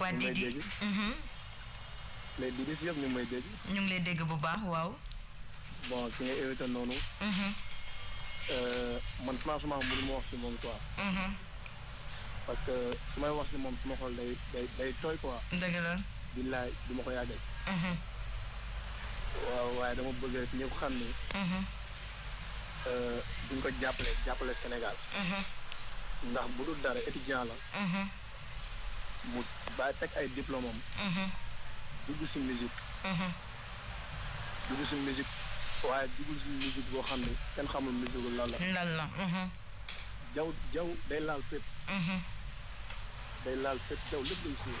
waa Didi mhm. les Didi yëpp ñu ngi may dégg. ñu ngi lay bu baax waaw. bon ki nga invité noonu. Mhm. Euh, man franchement mënu ma wax si moom quoi. Mhm. parce que su may wax si moom su ma xool day day day tooy quoi. dëgg la. billaay du ma ko yàggal. waaw waaye dama bëgg rek ñëpp xam ni. Euh, duñ ko jàppale jàppale Sénégal. ndax bu dul dara étudiant la. mu bàyyi teg ay diplôme am. Mhm. dugg si musique. Mhm. dugg si musique waaye dugg si musique boo xam ne kenn xamul musique lan la. lan la. Mhm. jaw jaw day laal fépp. day laal fépp jaw lépp day suy.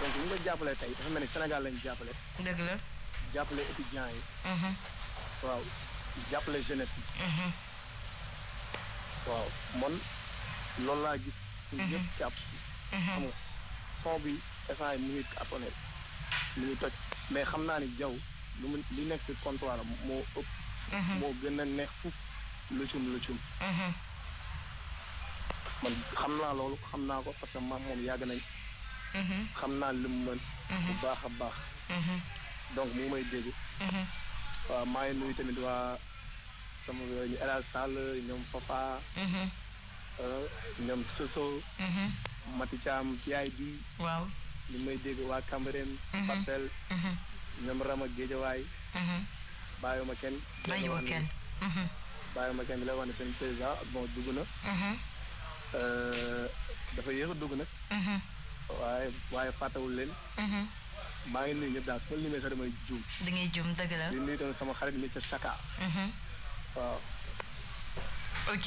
donc ñu ngi jàppale tey dafa mel ni Sénégal lañu jàppale. dëgg la. jàppale étudiants yi. waaw jàppale jeunesse yi. waaw man loolu laa gis. ñëpp jàpp xam nga son bi instant yi mu ngi apone mu ngi toj mais xam naa ni jaw lu mu li nekk ci moo ëpp mm-hmm. moo gën a neex fuf lucum lucum mm-hmm. man xam naa loolu xam naa ko parce que maam moom yàgg nañ mm-hmm. xam naa li mu mën bu baax a baax donc mu may dégg waaw maa ngi tamit waa sama ñu El Sall ñoom Papa euh, ñoom Soso Mati Thiam PID. waaw li may dégg waa Cambérène. Mhm. Parcelles. Mhm. ñoom Rama Géejawaay. Mhm. bàyyiwuma kenn. bàyyiwuma kenn. bàyyiwuma kenn la wax ne seen président bon dugg na. Euh, dafa yéex a dugg nag. waaye waaye fàttewul leen. maa ngi nuyu ñëpp daal su ma limee sax damay juum. da ngay juum dëgg la. di nuyu tamit sama xarit mi ca Chaka. waaw. ok.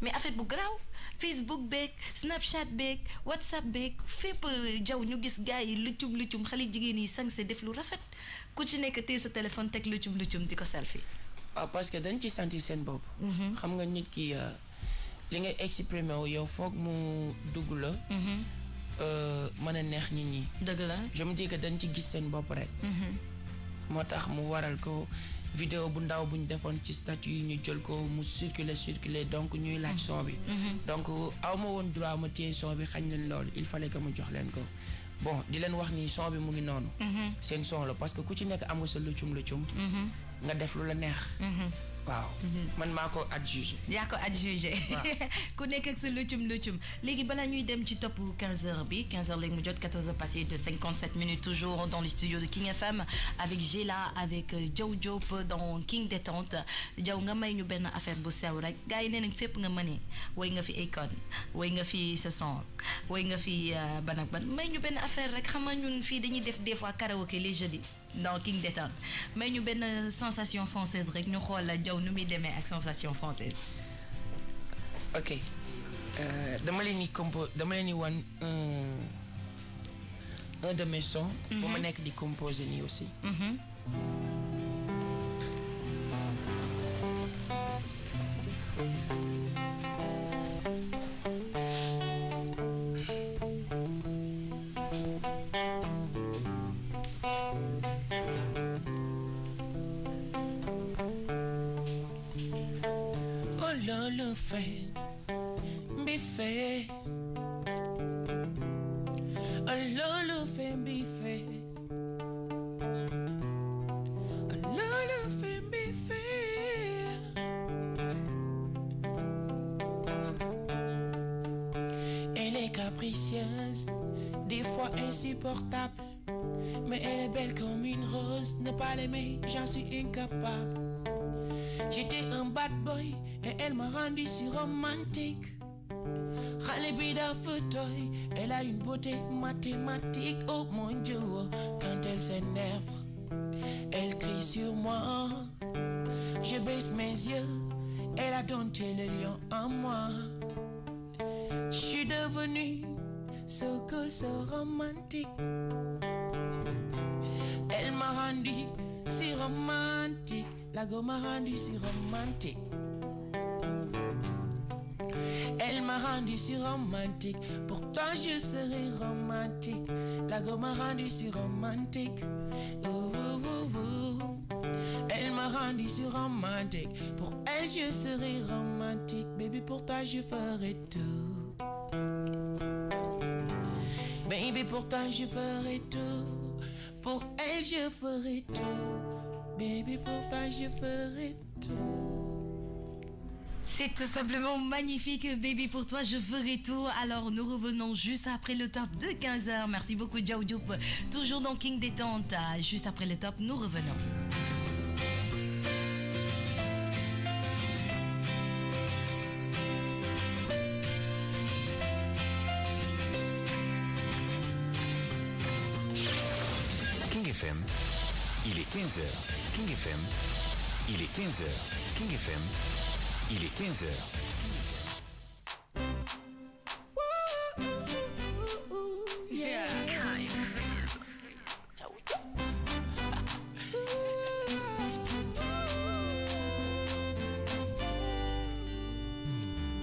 mais affaire bu garaaw Facebook beeg Snapchat beeg WhatsApp beeg fépp euh, jaww ñu gis gars yi luccum luccum xale jigéen yi sañse def lu rafet ku ci nekk tey sa téléphone teg luccum luccum di ko selfie. waaw ah, parce que dañ ci sentir seen bopp. Mhm. xam nga nit ki euh, li ngay exprimer wu yow foog mu dugg la. Mhm. Euh, mën a neex nit ñi. dëgg la je me dañ ci gis seen bopp rek. Mhm. moo tax mu waral ko. vidéo bu ndaw buñ defoon ci statut yi ñu jël ko mu circuler circuler donc ñuy laaj son bi mm-hmm. Mm-hmm. donc aw ma woon droit ma téye son bi xañ leen loolu il fallait que mu jox leen ko bon di leen wax ni son bi mu ngi noonu mm-hmm. seen son la parce ku ci nekk am nga sa lëccum lëccum nga def lu la neex waaw mhm. man maa ko adjugé yaa ko adjugé ku nekk ak sa lëccum lëccum léegi balaa ñuy dem ci topp 15 heures bi 15 heures léegi jot 14 heures passées de 57 minutes toujours dans le studio de King FM avec Gela avec Jojo euh, dans King Détente Diaw nga may ñu benn affaire bu sew rek gars yi nee nañ fépp nga mënee way nga fi Akon way nga fi ce son way nga fi euh, ban ak ban may ñu benn affaire rek xam nga ñun fii dañuy def des fois karaoké les jeudis donc il Détente mais ñu benn sensation française rek ñu xol jaw nu mi démé ak sensation française ok euh, dama leen di compo dama leen di euh un de mes sons bu mhm. ma di composer ni aussi Thank mhm. you. Elle est capricieuse, des fois insupportable, mais elle est belle comme une rose. Ne pas l'aimer, j'en suis incapable. J'étais un bad boy et elle m'a rendu si romantique. Khalibi d'un fauteuil, elle a une beauté mathématique. Oh mon dieu, oh, quand elle s'énerve, elle crie sur moi. Je baisse mes yeux, elle a dompté le lion en moi. Je suis devenu so cool, so romantique. Elle m'a rendu si romantique. La m'a rendu si romantique. Elle m'a rendu si romantique. Pourtant, je serai romantique. La m'a rendu si romantique. elle m'a rendu si romantique. Pour elle, je serai romantique. Baby, pour toi, je ferai tout. Baby, pour toi, je ferai tout. Pour elle, je ferai tout. Baby, pour je ferai tout. C'est tout simplement magnifique, baby, pour toi, je ferai tout. Alors, nous revenons juste après le top de 15h. Merci beaucoup, Jao Toujours dans King Détente. Ah, juste après le top, nous revenons. 15h, King FM. Il est 15h, King FM. Il est 15h.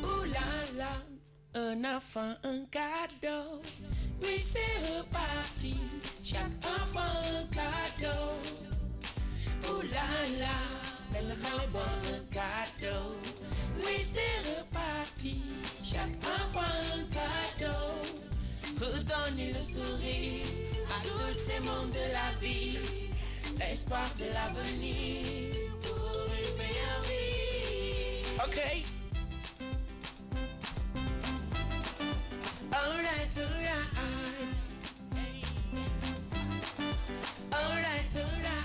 Oh là là, un enfant, un cadeau. Oui, c'est reparti. Chaque enfant, un cadeau. Oulala, elle renvoie un cadeau. Oui, c'est reparti, chaque enfant un cadeau. Redonner le sourire à tous ces mondes de la vie, l'espoir de l'avenir pour une meilleure vie. Ok. Alright, alright. Alright, alright.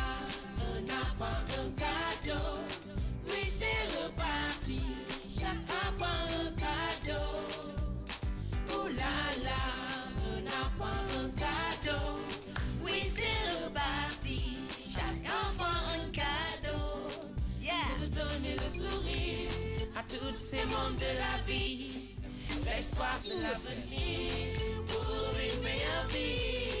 un enfant, un cadeau. Oui, c'est reparti. Chaque enfant, un cadeau. Ouh la la, un enfant, un cadeau. Oui, c'est reparti. Chaque enfant, un cadeau. Yeah. Pour donner le sourire à tous ces mondes de la vie. L'espoir de l'avenir pour une meilleure vie.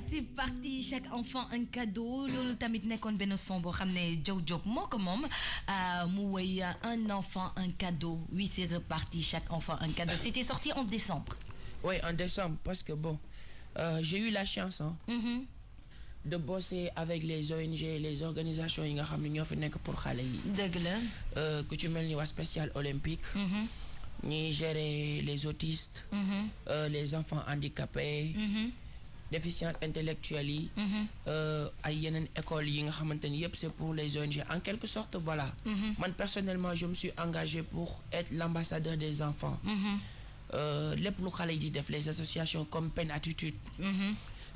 c'est parti chaque enfant un cadeau Lolo tamit nekone son bo xamné moko mom euh mu woy euh, un enfant un cadeau oui c'est reparti chaque enfant un cadeau c'était sorti en décembre. oui en décembre parce que bon euh, j'ai eu la chance hein, mm-hmm. de bosser avec les ONG les organisations yi nga xamné ne ñoo fi pour xalé yi. deug la. Euh, ku ci mel ni spécial olympique. Mm -hmm. gérer les autistes. Mm-hmm. euh, les enfants handicapés. Mm-hmm déficient intellectuelle yi mm-hmm. euh, ay école c'est pour les ONG en quelque sorte voilà mm-hmm. man personnellement je me suis engagé pour être l'ambassadeur des enfants mm-hmm. euh, les associations comme Pen Attitude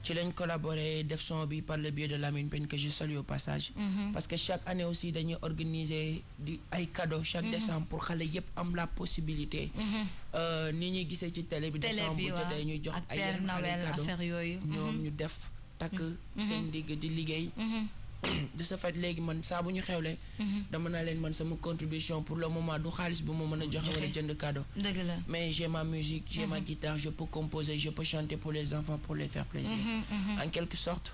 ci l'as collaboré def son bi par le biais de Lamine Pen que je salue au passage. Mhm. parce que chaque année aussi dañuy organiser di ay cadeaux. chaque mhm. décembre pour xale yëpp am la possibilité. Mhm. Euh, ni ñuy gisee ci télé bi. décembre bu jotee ñuy jox ay yeneen xale cadeaux ñoom ñu def takk seen digg di liggéey de ce fait légui man sa buñu xewlé xewlee. Mhm. dama mon leen man sama contribution pour le moment du pour bu moment, mën a joxe wala jënd cadeau. mais j'ai ma musique j'ai ma mhm. guitare je peux composer je peux chanter pour les enfants pour les faire plaisir. Mhm, en quelque sorte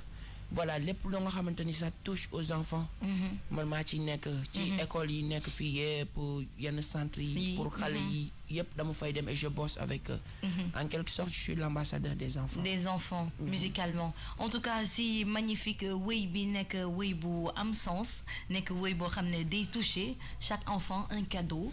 voilà les lu nga que ça touche aux enfants. Mm-hmm. man maa ci nekk. ci mm-hmm. école yi nekk y a yenn centre pour xale mm-hmm. yi dans dama fay et je bosse avec eux. en quelque sorte je suis l'ambassadeur des enfants. des enfants musicalement en tout cas si magnifique wéy bi nekk wéy bu am sens nekk wéy boo xam ne toucher chaque enfant un cadeau.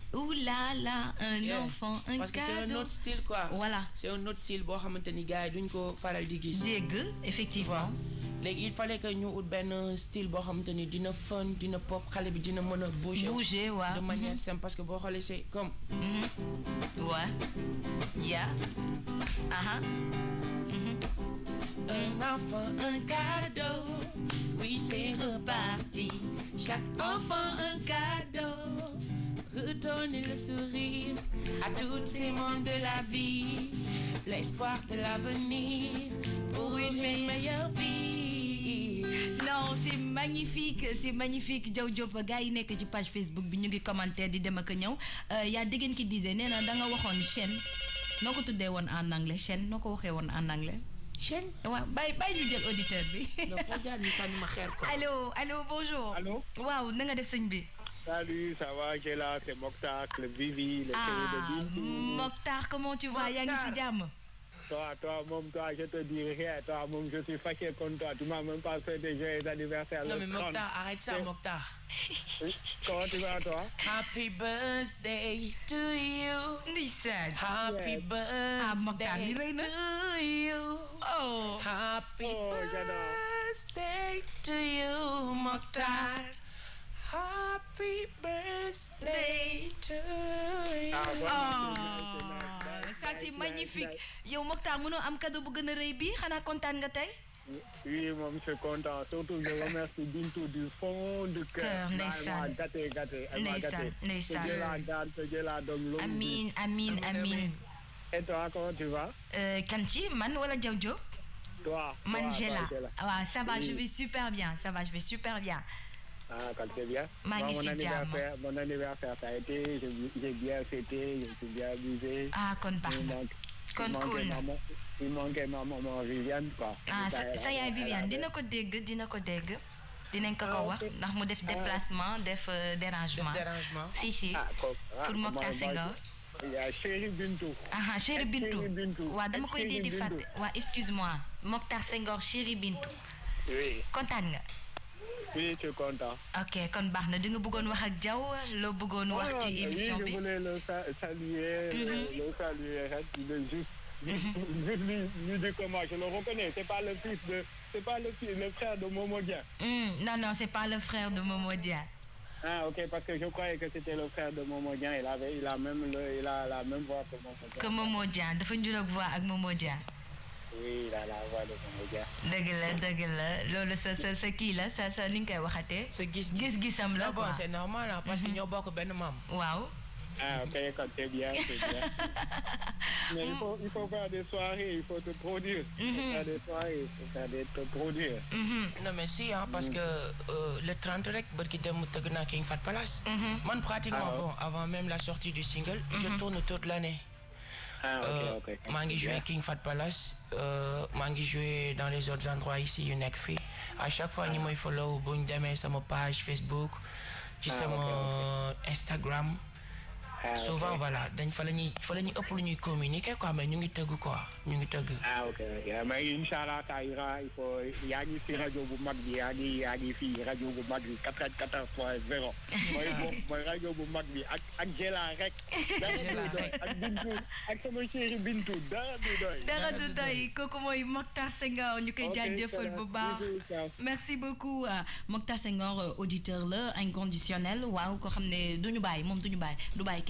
Ouh là un enfant, un Parce cadeau. que c'est un autre style, quoi. Voilà. C'est un autre style. Bon, xamanteni gaay duñ ko faral di gis. Dégg, effectivement. Légui, il fallait que nous out ben style bo xamanteni dina fun, dina pop, xalé bi dina mëna bouger. Bouger, De manière mm-hmm. simple parce que bo xolé c'est comme mm -hmm. Ouais. Yeah. Aha. Uh -huh. mm -hmm. Un mm-hmm. enfant, un cadeau. Oui, c'est reparti. Chaque enfant, un cadeau. Retourner le sourire à tous ces mondes de la vie, l'espoir de l'avenir pour une meilleure vie. non c'est magnifique c'est magnifique Diaw Diop gars yi que ci page Facebook bi ñu ngi des di euh, Y a y gens qui ki disait nee na da nga chaîne noo tu tuddee en anglais chaîne Non, ko waxee en anglais. chaîne Wa, bye bye, ñu jël auditeur bi. allo allo bonjour. Allô? waaw na nga def sëñ Salut, ça va, j'ai là, c'est Mokhtar, le Vivi, le ah, de Mokhtar, comment tu vas, Yannis Diam toi, toi, mon, toi, je te dis rien. Toi, mon, je suis fâché contre toi. Tu m'as même pas fait des jeux anniversaires. Non, mais Mokhtar, arrête ça, Mokhtar. Comment tu vas, toi? Happy birthday to you. Nissan. Happy birthday ah, to you. Oh. Happy oh, birthday to you, Mokhtar. Happy birthday to you. Ah, ah, ça c'est magnifique yow Mokta, Muno, am cadeau bu gën reuy bi nga oui je suis content surtout je remercie Bintou du fond du cœur. ndeysaan ndeysaan ndeysaan Amine, amine, amine. et toi comment tu vas. Euh, Kanti, man wala toi Jela. Ah, ça va je vais super bien ça va je vais super bien. Ah, quand c'est bien. Bon, mon, anniversaire, mon anniversaire, ça a été, j'ai bien fêté, je suis bien abusé. Ah, con parle. kon cool il manquait ma maman Viviane quoi. ah ça y est, Viviane dina ko dégg dina ko dégg. dinañ ko ko ah, wax ndax mu def ah. déplacement def euh, dérangement. dérangement si si. Ah, pour Mokhtar Senghor. yaa chéri Bintou. ah chéri Bintou. Wa, dama koy dee di Wa, excuse moi Mokhtar Senghor chéri Bintou. oui kontaan nga oui je suis content. ok quand bah tu di nga bëggoon wax ak Diaw bougon noir wax. Ah, émission oui je voulais le saluer. Euh, mhm. le saluer hein. mhm. juste. lui dire comment je le reconnais c'est pas le fils de c'est pas le fils le frère de Momo hmm, non non c'est pas le frère de Momo Ah ok parce que je croyais que c'était le frère de Momo il avait il a même il a la même voix que Momodia. que Momo a la voix ak oui là là wàllu média. dëgg la dëgg la loolu c'est sa sa kii la sa sa li nga C'est waxatee. sa gis gis-gisam la ah quoi bon c'est normal ah parce que mm-hmm. ñoo bokk benn maam. waaw. Ah, ok, quand c'est bien, c'est bien. Mais il faut, il faut faire des soirées, il faut te produire. Il faut mm-hmm. faire des soirées, il faut faire des, te produire. Mm-hmm. Non, mais si, hein, parce que euh, le 30 rec, Burkidem Moutagna King Fat Palace, moi, pratiquement, ah. bon, avant même la sortie du single, je tourne toute l'année. Je joué à King Fat Palace je euh, mangi joué dans les autres endroits ici à chaque fois je ah. me follow bu demain sur sama page Facebook ci ah, mon Instagram ah, souvent voilà dañ fa la fa la ñuy ëpp lu ñuy communiquer quoi mais ñu ngi tëgg quoi ñu ngi tëgg. ah ok ok mais incha allah Tahira il faut yaa ngi fi rajo bu mag bi yaa ngi yaa ngi fi rajo bu mag bi quatre-vingt-quatorze point zéro. mooy mooy rajo bu mag bi ak ak Jela rek. Jela rek ak Bintu ak sama chéri Bintu dara du doy. dara du doy kooku mooy Mokhtar Senghor ñu koy jaajëfal bu baax. merci beaucoup euh, Mokhtar Senghor euh, auditeur la inconditionnel waaw ko xam ne du ñu bàyyi moom du ñu bàyyi du bàyyi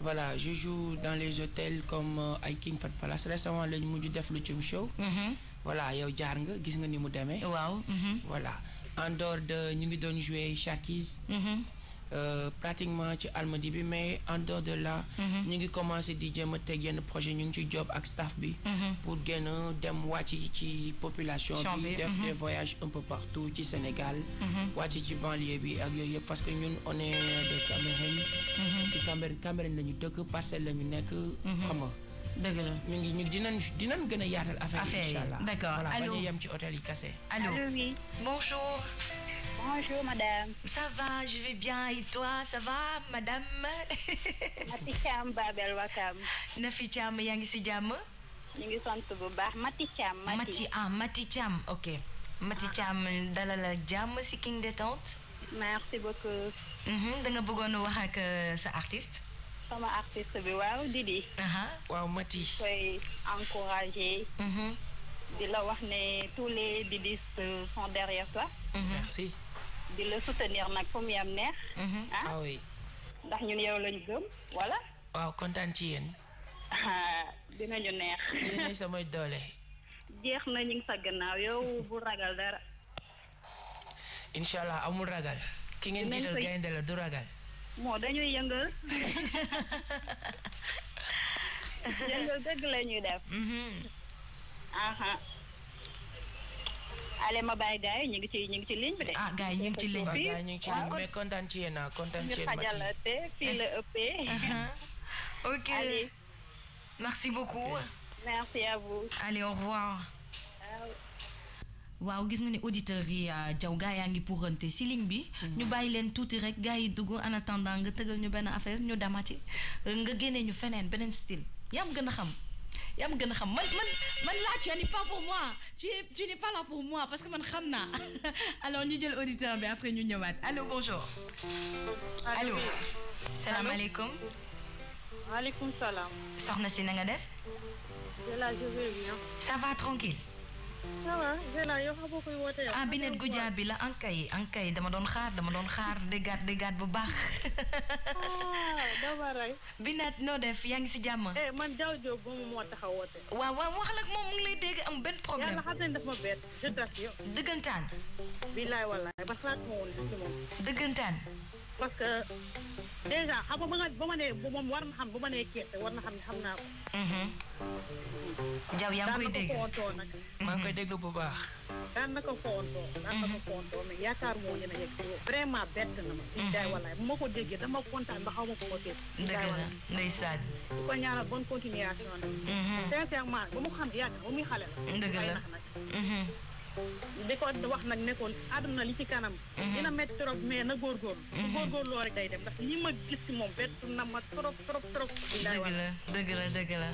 voilà je joue dans les hôtels comme I euh, King Fat Palace récemment le mujj def le show. Mm-hmm. voilà il y a gis nga ni mu mm-hmm. voilà en dehors de Ningudon ngi jouer euh, pratiquement ci almadi bi mais en dehors de là. Mhm. ñu ngi commencer di jéem a yenn projet ñu ngi ci job ak staff bi. Mhm. pour gën a dem wàcc ci population bi. def des mhm. voyages un peu partout ci Sénégal. wàcc ci banlieue bi ak yooyu yëpp parce que ñun on est de Cameroun. ci Cameroun Cameroun la ñu dëkk parcelle la ñu nekk. xam nga. dëgg la ñu ngi ñu dinañ dinañ gën a yaatal affaire yi. incha d'accord voilà ba ñu ci hôtel yi kese. allô oui bonjour. Bonjour madame. Ça va, je vais bien. Et toi, ça va madame Maticham Babel Wakam. Naficham Yangisijam. Maticham. Mati, ah, Maticham, ok. Maticham, ah. Dalala Jam, si King Détente. Merci beaucoup. Mhm, da nga bëggoon wax ak euh, sa artiste. sama artiste bi waaw Didi. Wow, Mati. encourager. encouragé. Mhm. di la wax ne tous les didistes sont derrière toi. Mhm. merci. di la soutenir nag fu yam neex. ah oui. ndax ñun yow gëm wala. waaw kontaan ci yéen. Ah, dinañu neex. Dia samay doole. jeex na ñu ngi sa gannaaw yow bu ragal dara. inshallah amul ragal. ki ngeen jiital gaynde la du ragal. moo dañuy yëngal. yëngal dëgg la ñuy def. Mhm. aha Alema bay Gaye ñu ngi ci ñu ngi ci ligne bi de. ah gars yi ñu ngi ci ligne bi ah, ñu ngi ci ligne mais content ci yéen ah kontaan ci yéen xajalate fii la ëppee. Uh-huh. ok allez. merci beaucoup. merci à vous. allez au revoir. waaw gis nga ni auditeurs yi jaw ah, gaa yaa ngi pourante si ligne bi. Mm. ñu bàyyi leen tuuti rek gars yi dugg en attendant nga tëgal ñu benn affaire ñu damati euh, nga génnee ñu feneen beneen style yaa am gën a xam. Je là tu n'es pas pour moi tu tu n'es pas là pour moi parce que je suis pas. alors nous allons auditeur mais après nous ñëwaat allô bonjour. Alaikum salam alaikum salam. soxna si Je vais def. ça va tranquille ça va Zeyla yow xam nga koy woote yow. ah Binette Goudiaby la ankay yi dama doon xaar dama doon xaar déggaat déggaat bu baax. Ah, dama rey. Binette noo def yaa ngi si jàmm. Eh, man Diaw Diop moom a woote. waaw waaw wax la ak moom lay dégg am benn problème. yàlla xam nañ daf ma bett je t'assure. dëggantaan. bilaay wallaay ba xalaat dëggantaan. parce que déjà xam nga ba nga ba ma nee moom war na xam ba ma nee gerte war na xam xam naa ko. jaw yaa ngi koy dégg daan na ko foontoo nag. maa ngi koy déglu bu baax. daan na ko foontoo. daan na ko foontoo mais yaakaar moo gën a yegg vraiment bett na ma. Ndiaye walaay bu ma ko déggee dama kontaan ba xaw ma ko côté. dëgg la ndeysaan. di ko ñaanal bonne continuation nag. sincèrement ba mu xam yaakaar ba muy xale la. dëgg la. di ko wax nag nekkoon àdduna li ci kanam. Mhm. dina métti trop mais na góorgóorlu. Mhm. su góorgóorloo rek day dem li ma gis ci moom bettu na ma trop trop trop. dëgg la dëgg la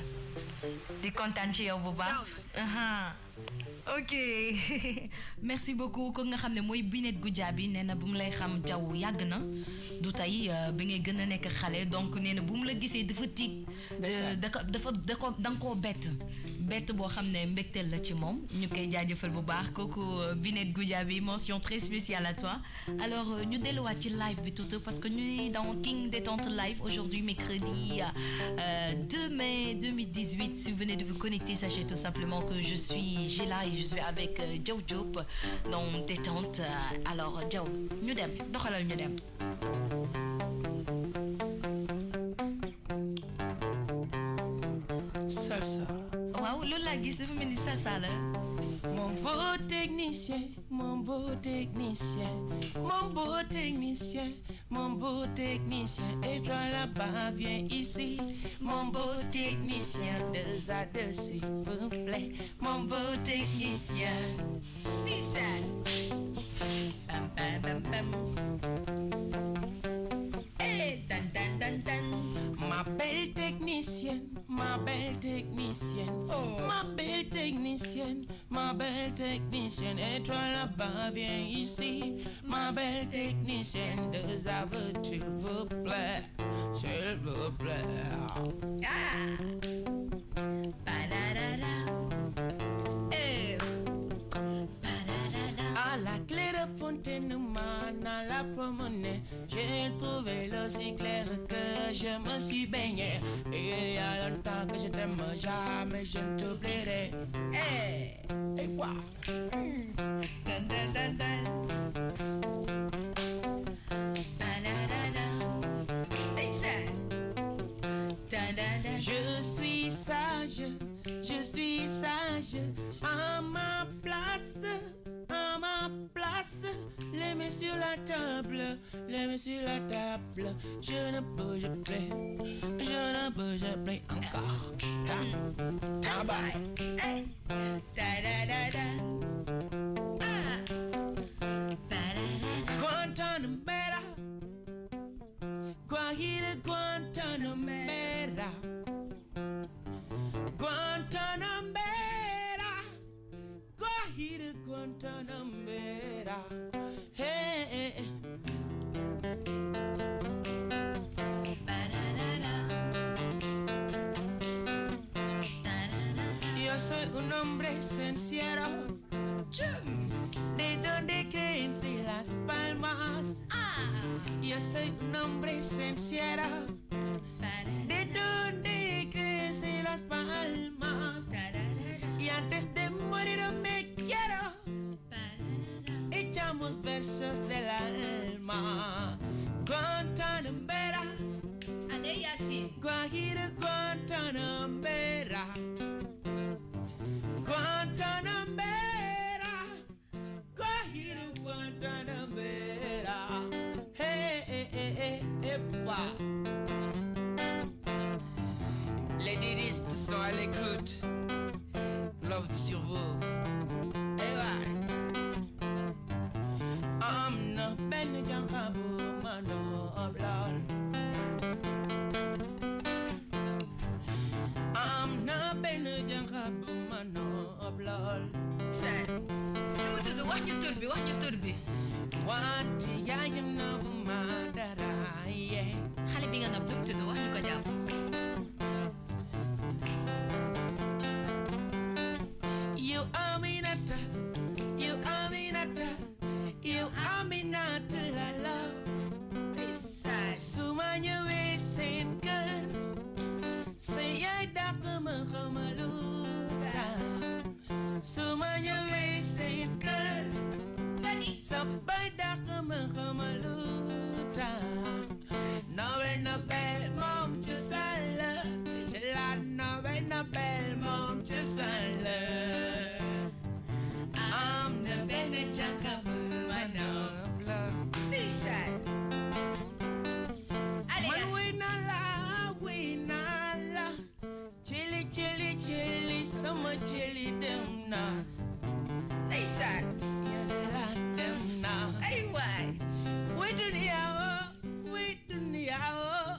di kontaan ci yow bu baax. ok merci beaucoup ko nga xam ne mooy Binet Goudiaby nee na bu mu lay xam jaww yàgg na du tey euh, bi ngay gën a nekk xale donc nee na bu mu la gisee dafa tiit. dafa euh, dafa da nga koo bett. bett boo xam ne mbégteel la ci moom ñu koy jaajëfal bu baax kooku Binette euh, Goudiaby mention très spéciale à toi alors euh, ñu delluwaat ci live bi tout parce que ñuy dans King Détente Live aujourd'hui mercredi 2 euh, mai 2018 si vous venez de vous connecter sachez tout simplement que je suis j'ai là et je suis avec Diaw dans Détente alors Diaw ñu dem doxalal ñu dem mon beau technicien mon beau technicien mon beau technicien mon beau technicien et toi là-bas viens ici mon beau technicien deux à deux s'il vous plaît mon beau technicien. Nissan. Bam dan dan dan. Ma belle technicienne, ma belle technicienne, oh. ma belle technicienne, ma belle technicienne, et toi là-bas, viens ici, ma belle technicienne, deux aveux, s'il vous plaît, s'il vous plaît. Ah. la clé de m'a à la promenade. j'ai trouvé l'eau si claire que je me suis baigné. Il y a longtemps que je t'aime, jamais je ne t'oublierai. Hey! Et quoi? Dun, Je suis sage, je suis sage à ma place à ma place. Les mains sur la table, les mains sur la table. Je ne bouge plus, je ne bouge plus encore. Ta, ta, hey. ta da da da. Ah. Guantanamera, Guajira Guantanamera. Eh, eh, eh. Yo soy un hombre sincero. ¿De donde creen si las palmas? Yo soy un hombre sincero. ¿De donde creen si las palmas? cantamos versos del alma. Guantanamera. Aleya sí. Guajira Guantanamera. Guantanamera. Guajira Guantanamera. Hey, hey, eh, eh, hey, eh, hey, epa. Les didistes sont à l'écoute. Love sur vous. benn janxa bu of noob i am not benn janxa bu ma noob lool seen You do tudd wax ñu tur bi wax ñu tur bi wante yaayam noobu ma dara yee xale bi nga noob lu mu tudd wax ñu ko you are me nata you are me nata Eu aminata lala Sumanya we sen kar Sen yai dakama kamaluta Sumanya we sen kar Sabai dakama kamaluta Now in a bell mom to sala Chilana when a bell mom to sala I'm the Bene Jacob woman Listen. Man, Chili, chili, chili, dem na. Listen. You la dem na. Hey, why? We do the hour, we do the hour,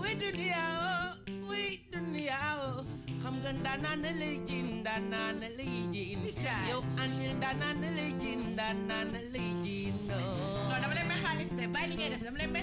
we do the hour, we do the hour. gonna na na legend. ndaanaan lay jiin yow Angel ndaanaan lay jiin ndaanaan lay jiin non dama leen may xaalis de li ngay def dama leen may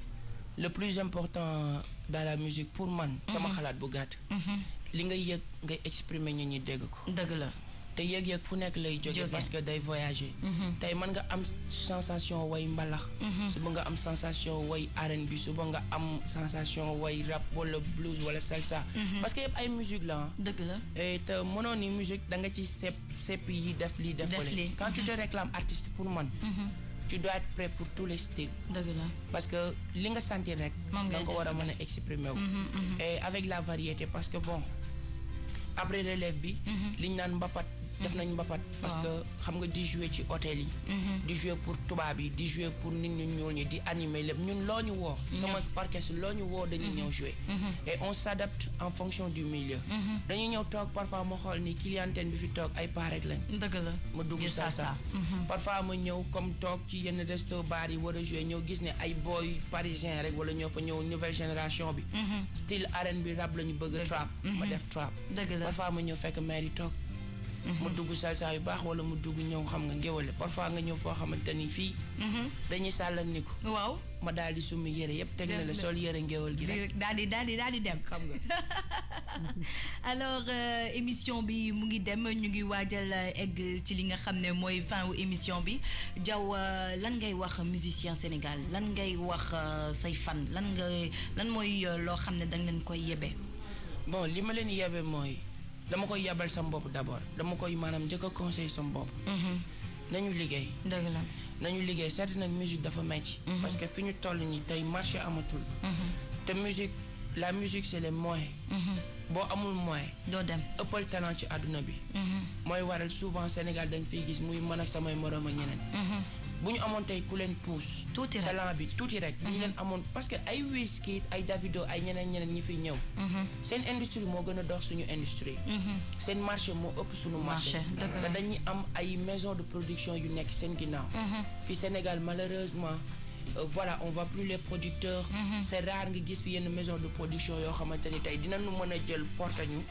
le plus important dans la musique pour moi, c'est que bu parce que voyager. Mhm. nga am sensation way mbalax. Mhm. suba nga am sensation way R&B am sensation way rap wala blues wala salsa. Mhm. parce que ay musique la ah. Et te musique da nga ci quand tu te réclames artiste pour moi, tu dois être prêt pour tous les styles. Parce que li nga sentir rek. exprimer mm-hmm, mm-hmm. et avec la variété parce que bon après relève bi. Mm-hmm. liñ pas pas parce que xam nga di jouer ci hôtel yi mm-hmm. jouer pour Tobabi, yi di pour nous, ñu animer ñun sama mm-hmm. Mm-hmm. et on s'adapte en fonction du milieu dañuy ñëw toog parfois ma xool ni clientèle bi fi ay dëgg parfois ma ñëw comme toog ci resto bar yi jouer ñëw gis boy parisien rek wala ñoo fa ñëw nouvelle génération bi style arène rap bëgg trap ma def trap parfois ñëw mu dugg salsa yu baax wala mu dugg ñëw xam nga ngéwale parfois nga ñëw foo xamante ni fii mhm. dañuy sàllal ni ko waaw ma daal di summi yére yëpp teg na la sol yére ngéwal gi rek daal di daal di daal di dem xam nga alors euh, émission bi mu ngi dem ñu ngi waajal euh, egg ci li nga xam ne mooy fin wu émission bi Diaw euh, lan ngay wax musicien Sénégal lan ngay wax say fan lan nga lan mooy loo xam ne danga leen koy yebe bon li ma leen yebe mooy dama koy yabal sama bopp d'abord dama koy maanaam njëkk a conseil sama bopp. Mhm. nañu liggéey. dëgg la nañu liggéey certes nag musique dafa metti mhm. parce que fi ñu toll nii tey marché amatul. Mhm. te musique la musique c'est les moyens. boo amul moyen. doo dem ëppal talent ci àdduna bi. mooy waral souvent Sénégal dañ fiy gis muy man ak samay moroom ak ñeneen. buñu ñu amoon tey ku leen pousse. tuuti rek talent bi tuuti rek. bu ñu leen mhm. amoon parce que ay Wizkid ay Davido ay ñeneen ñeneen ñi fi ñëw. Mhm. seen industrie moo gën a dox suñu industrie. Mhm. seen marché moo ëpp suñu marché. te dañuy am ay maison de production yu nekk seen ginnaaw. fi Sénégal malheureusement. Euh, voilà on voit plus les producteurs. c'est rare nga gis fi yenn maison de production yoo xamante ni tey dinañu mën a jël porte ñu.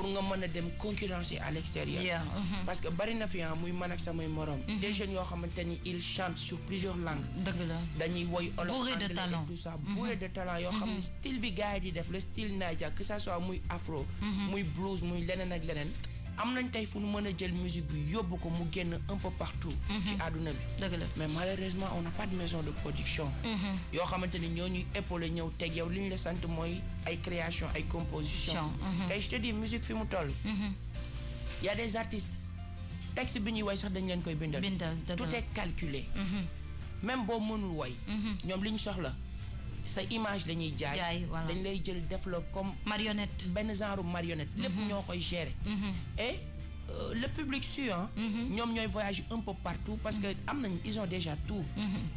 pour nga mën a dem concurrencer à l'extérieur mm-hmm. parce que bari na ah, muy man ak samay morom mm-hmm. des yoo xamante ni ils chantent sur plusieurs langues dëgg la dañuy woy olof anglais et tout ça bourré mm-hmm. de talent yoo xam ne style bi gars di def le style Naija que ça soit muy afro muy blues muy leneen ak leneen am nañ tey fu ñu mën a jël musique bi yóbbu ko mu génn un peu partout. Mhm. ci àdduna bi. mais malheureusement on n'a pas de maison de production. Mhm. yoo xamante ni ñoo ñuy épaulé ñëw teg yow liñ la sant mooy ay création ay composition. tey mhm. je te dis musique fi mu toll. y a des artistes texte bi ñuy way sax dañ leen koy bindal. bindal tout est calculé. même boo mënul way. ñoom li ñu soxla sa image la ñuy jaay dañ lay jël def la comme marionnette ben genre marionnette lepp mhm. ñokoy gérer mhm. et euh, le public sûr hein. mhm. ñom ñoy voyager un peu partout parce que amna ils ont déjà tout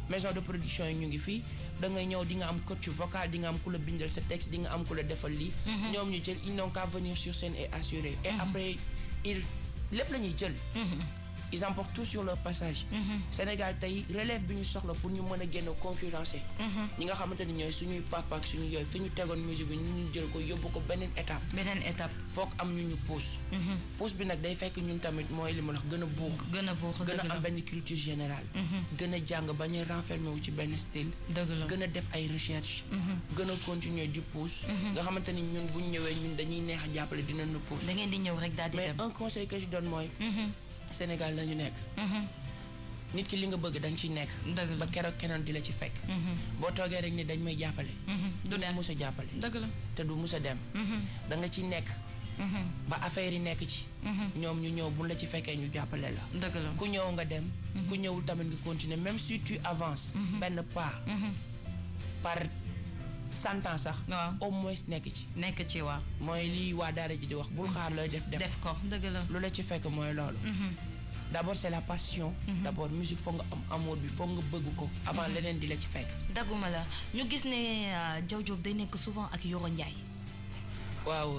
maison de production ñu ngi fi da ngay ñëw di nga am coach vocal di nga am ku la bindal sa texte di nga am ku defal li ñom ñu jël ils n'ont qu'à venir sur scène et assurer et après il lepp la ñuy jël ils emportent tout sur leur passage. Mhm. Sénégal tey relève bi ñu soxla pour ñu mën a génn concurrencer. Mhm. ñi nga xamante ni ñooy suñuy papa ak suñuy yooyu fi ñu tegoon musique bi ñu ñu jël ko gën a buux. gën a buux gën a am benn culture générale. Mhm. gën a jàng bañ a ci benn style. gën a def ay recherche. gën a continuer di pousse. nga xamante ñun bu ñëwee ñun dañuy neex a jàppale dinañu pousse. da di ñëw mais un conseil que je donne mooy. Sénégal la ñu nekk. Mhm. nit ki li nga bëgg da nga ciy nekk. ba keroog keneen di la ci fekk. Mhm. boo toogee rek ni dañ may jàppale. Mhm. du dem mus a jàppale. te du mus a dem. da nga ciy nekk. ba affaire yi nekk ci. ñoom ñu ñëw buñ la ci fekkee ñu jàppale la. dëgg la ku ñëw nga dem. ku ñëwul tamit nga continuer même si tu avances. benn pas. par cent ans sax. au moins nek ci. nek ci wa moy li wa dara ji di wax bul xaar looy def. def ko deug la lu la ci fekk moy lolu mhm. d'abord c'est la passion. Mhm. d'abord musique foog nga am amour bi foog nga bëgg ko. avant mhm. leneen di la ci fekk. dagguma la ñu gis ne euh, Diaw Diop day nek souvent ak Yoro Ndiaye. waaw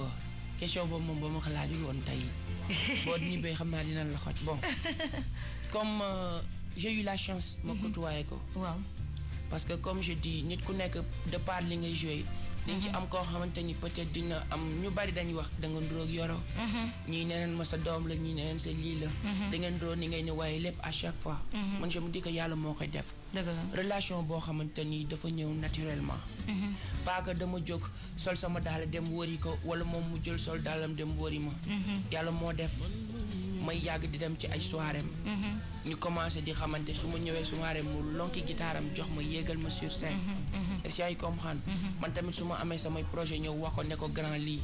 question boobu mom ba ma ko laajul woon tey boo ñibbee xam naa la xoj bon comme euh, j'ai eu la chance. ma côtoyé ko waaw. parce que comme je dis nit ku nekk de part li ngay joué. di nga ci mhm. am koo xamante ni peut-être dina am ñu bari dañuy wax da nga ndróog yoro mhm. ñii neneen ma sa doom la ñii neneen sa lii la mhm. da ngeen ndróog ni ngay ne waaye lépp à chaque fois man je me dis que yàlla moo koy def relation boo xamante ni dafa ñëw naturellement pas que dama jóg sol sama daal dem wëri ko wala moom mu jël sol daalam dem wëri ma yàlla moo def may yàgg di dem ci ay soiréem mm-hmm. ñu commencé di xamante su ma ñëwee soirée mu lonki gitaaram jox ma yéegal ma sur scène mm-hmm. Mm-hmm. est-ce que comprendre man tamit su ma amee samay projet ñëw wax ko ne ko grand lii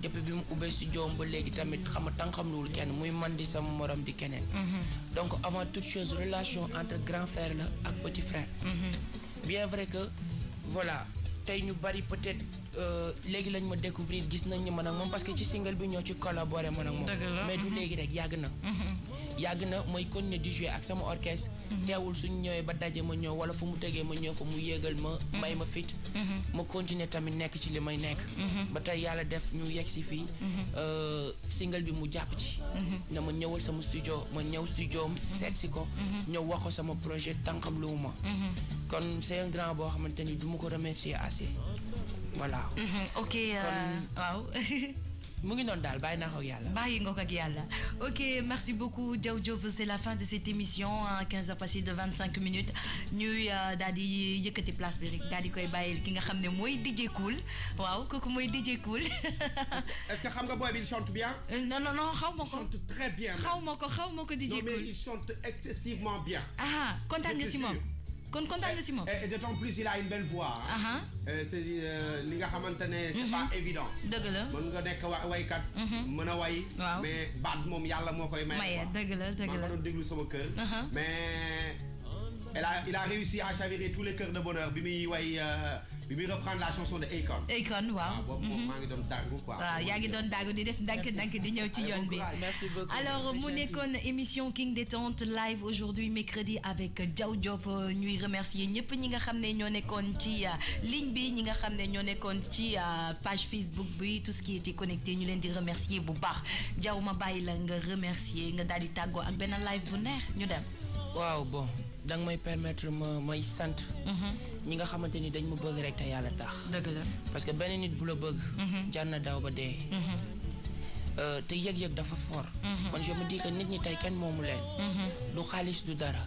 depuis bi mu ubbee studio ba léegi tamit xam nga tànqamluwul kenn muy man di sama morom di keneen donc avant toute chose relation entre grand frère la ak petit frère bien vrai que voilà tey ñu bari peut Euh, léegi lañ ma découvrir gis nañ ni man ak moom parce que ci single bi ñoo ci collaboré man ak moom mais du léegi rek yàgg na mm-hmm. yàgg na mooy continuer di jouer ak sama orchestre mm-hmm. teewul suñu ñëwee ba daje ma ñëw wala fu mu tegee ma ñëw fa ma mm-hmm. may tamit nekk ci li may nekk ba tey yàlla def ñu yegg si fii euh, single bi mu jàpp ci na ma ñëwal sama studio ma ñëw studio am seet si ko ñëw wax ko sama projet tànqam lu ma kon c'est grand boo xamante ni du ko remercier voilà. Mm-hmm. ok euh, ok merci beaucoup c'est la fin de cette émission 15 hein, heures passées de 25 minutes nous, euh, avons place bi rek places di koy DJ Cool DJ Cool. est-ce que tu nga chante bien. Euh, non non non il très bien. il chante excessivement bien. ah kon kontaan nga si moom. et eh, eh, d'autant plus il a une belle voix. Hein. euh, c'est euh, li nga xamante ne. c'est mhm. pas évident. Deug la mën nga nek way kat mhm. mën a way. mais baat mom yalla mo koy. maye dëgg la dëgg la maa ngi doon déglu sama kër. mais. Elle a, il a réussi à chavirer tous les cœurs de bonheur. Bimi, ouais, euh, Bimi reprendre la chanson de Akon. Akon, wow. Ah, bon, mhm. maa ngi doon quoi. waaw y'a ngi doon dàggu di def ndànk ndànk di ñëw ci merci beaucoup alors mon Icon émission King Détente live aujourd'hui mercredi avec Diaw Diop Nous euh, remercier ñëpp ñi nga nous ne ñoo ci euh, ligne bi ñi nga page Facebook tout ce qui était connecté Nous leen di remercier bu baax Diaw ma nga remercier nga dali di live bonheur. neex ñu dem. bon. danga may permettre ma may sant. Mhm. ñi nga xamante ni dañ ma bëgg rek te yàlla tax. dëgg benn nit bu la bëgg. Mhm. jar na ba dee. Mhm. Euh, te yëg-yëg dafa fort. man je me dis que nit ñi tey kenn moomu leen. du xaalis du dara.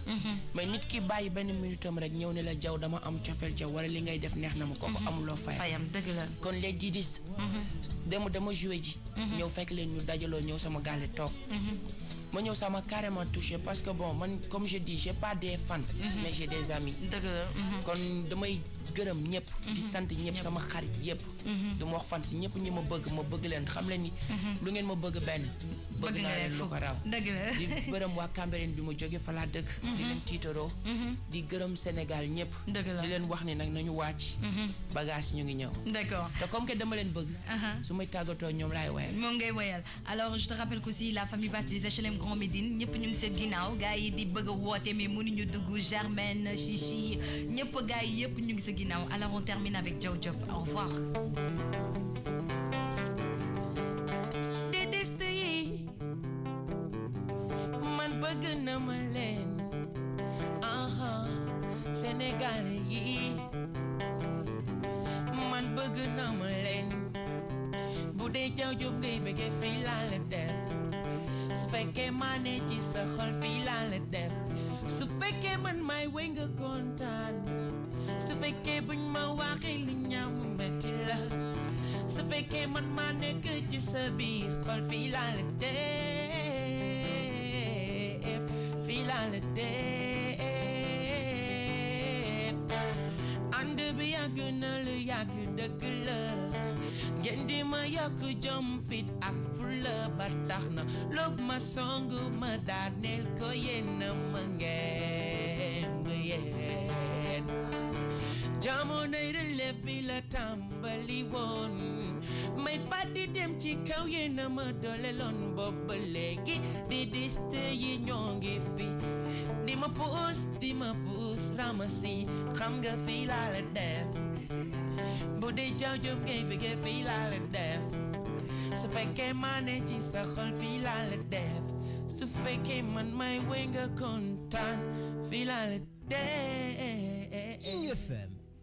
mais nit ki bàyyi benn minutam rek ñëw ne la jaw dama am cofeel ca wala li ngay def neex na ma kooku amuloo fayam. fayam dëgg la kon les didis. dem dama joué ji. ñëw fekk leen ñu dajaloo ñëw sama gaale toog. ma ça sama carrément touché parce que bon man comme je dis j'ai pas des fans. Mhm. mais j'ai des amis. dëgg la mhm. kon damay gërëm ñëpp. di mhm. sant ñëpp sama xarit yëpp. du ma wax fan si ñëpp ñi ma bëgg ma bëgg leen xam leen ni. lu ngeen ma bëgg benn. bëgg naa leen lu ko raw dëgg la di gërëm waa Cambérène bi ma jóge fa dëkk. di leen tiitaroo. di gërëm Sénégal ñëpp. di leen wax ni nag nañu wàcc. bagage ñu ngi ñëw. d'accord te comme que dama leen bëgg. Uh-huh. su may tàggatoo ñoom laay wayal. moom ngay wayal alors je te rappelle que aussi la famille basse des HLM Grand Médine ñëpp ñu ngi seen ginnaaw gars yi di bëgg a woote mais mënuñu dugg Germaine Chichi ñëpp gaay yi yëpp ñu ngi sa ginnaaw alors on termine avec Diaw Diop au revoir. man bëgg na ma leen aha Sénégal yi man bëgg na ma leen bu dee Diaw Diop ngay bëggee fii laa la def. Să feke manegi să hol filale def Să feke man mai wenga contan Să feke bun ma wakili nyam betila Să feke man manege ji să bir hol filale def Filale def Anda biar kenalı ya kuda gula Gendi maya ku jom fit ak fula batahna Lop masongu madanel ko yena mengem Yeah. Dominator left me la tambali won Mai fadi dem ci kaw yena ma dole lon bobu legi di diste yi ñongi fi di ma pousse di ma pousse ramasi xam nga fi la la def bu dee jaw jëm ngay bëggee fi la la def I fekkee maa ne ci sa xol fi la la def su fekkee man may wey nga kontaan fi death. In def IFM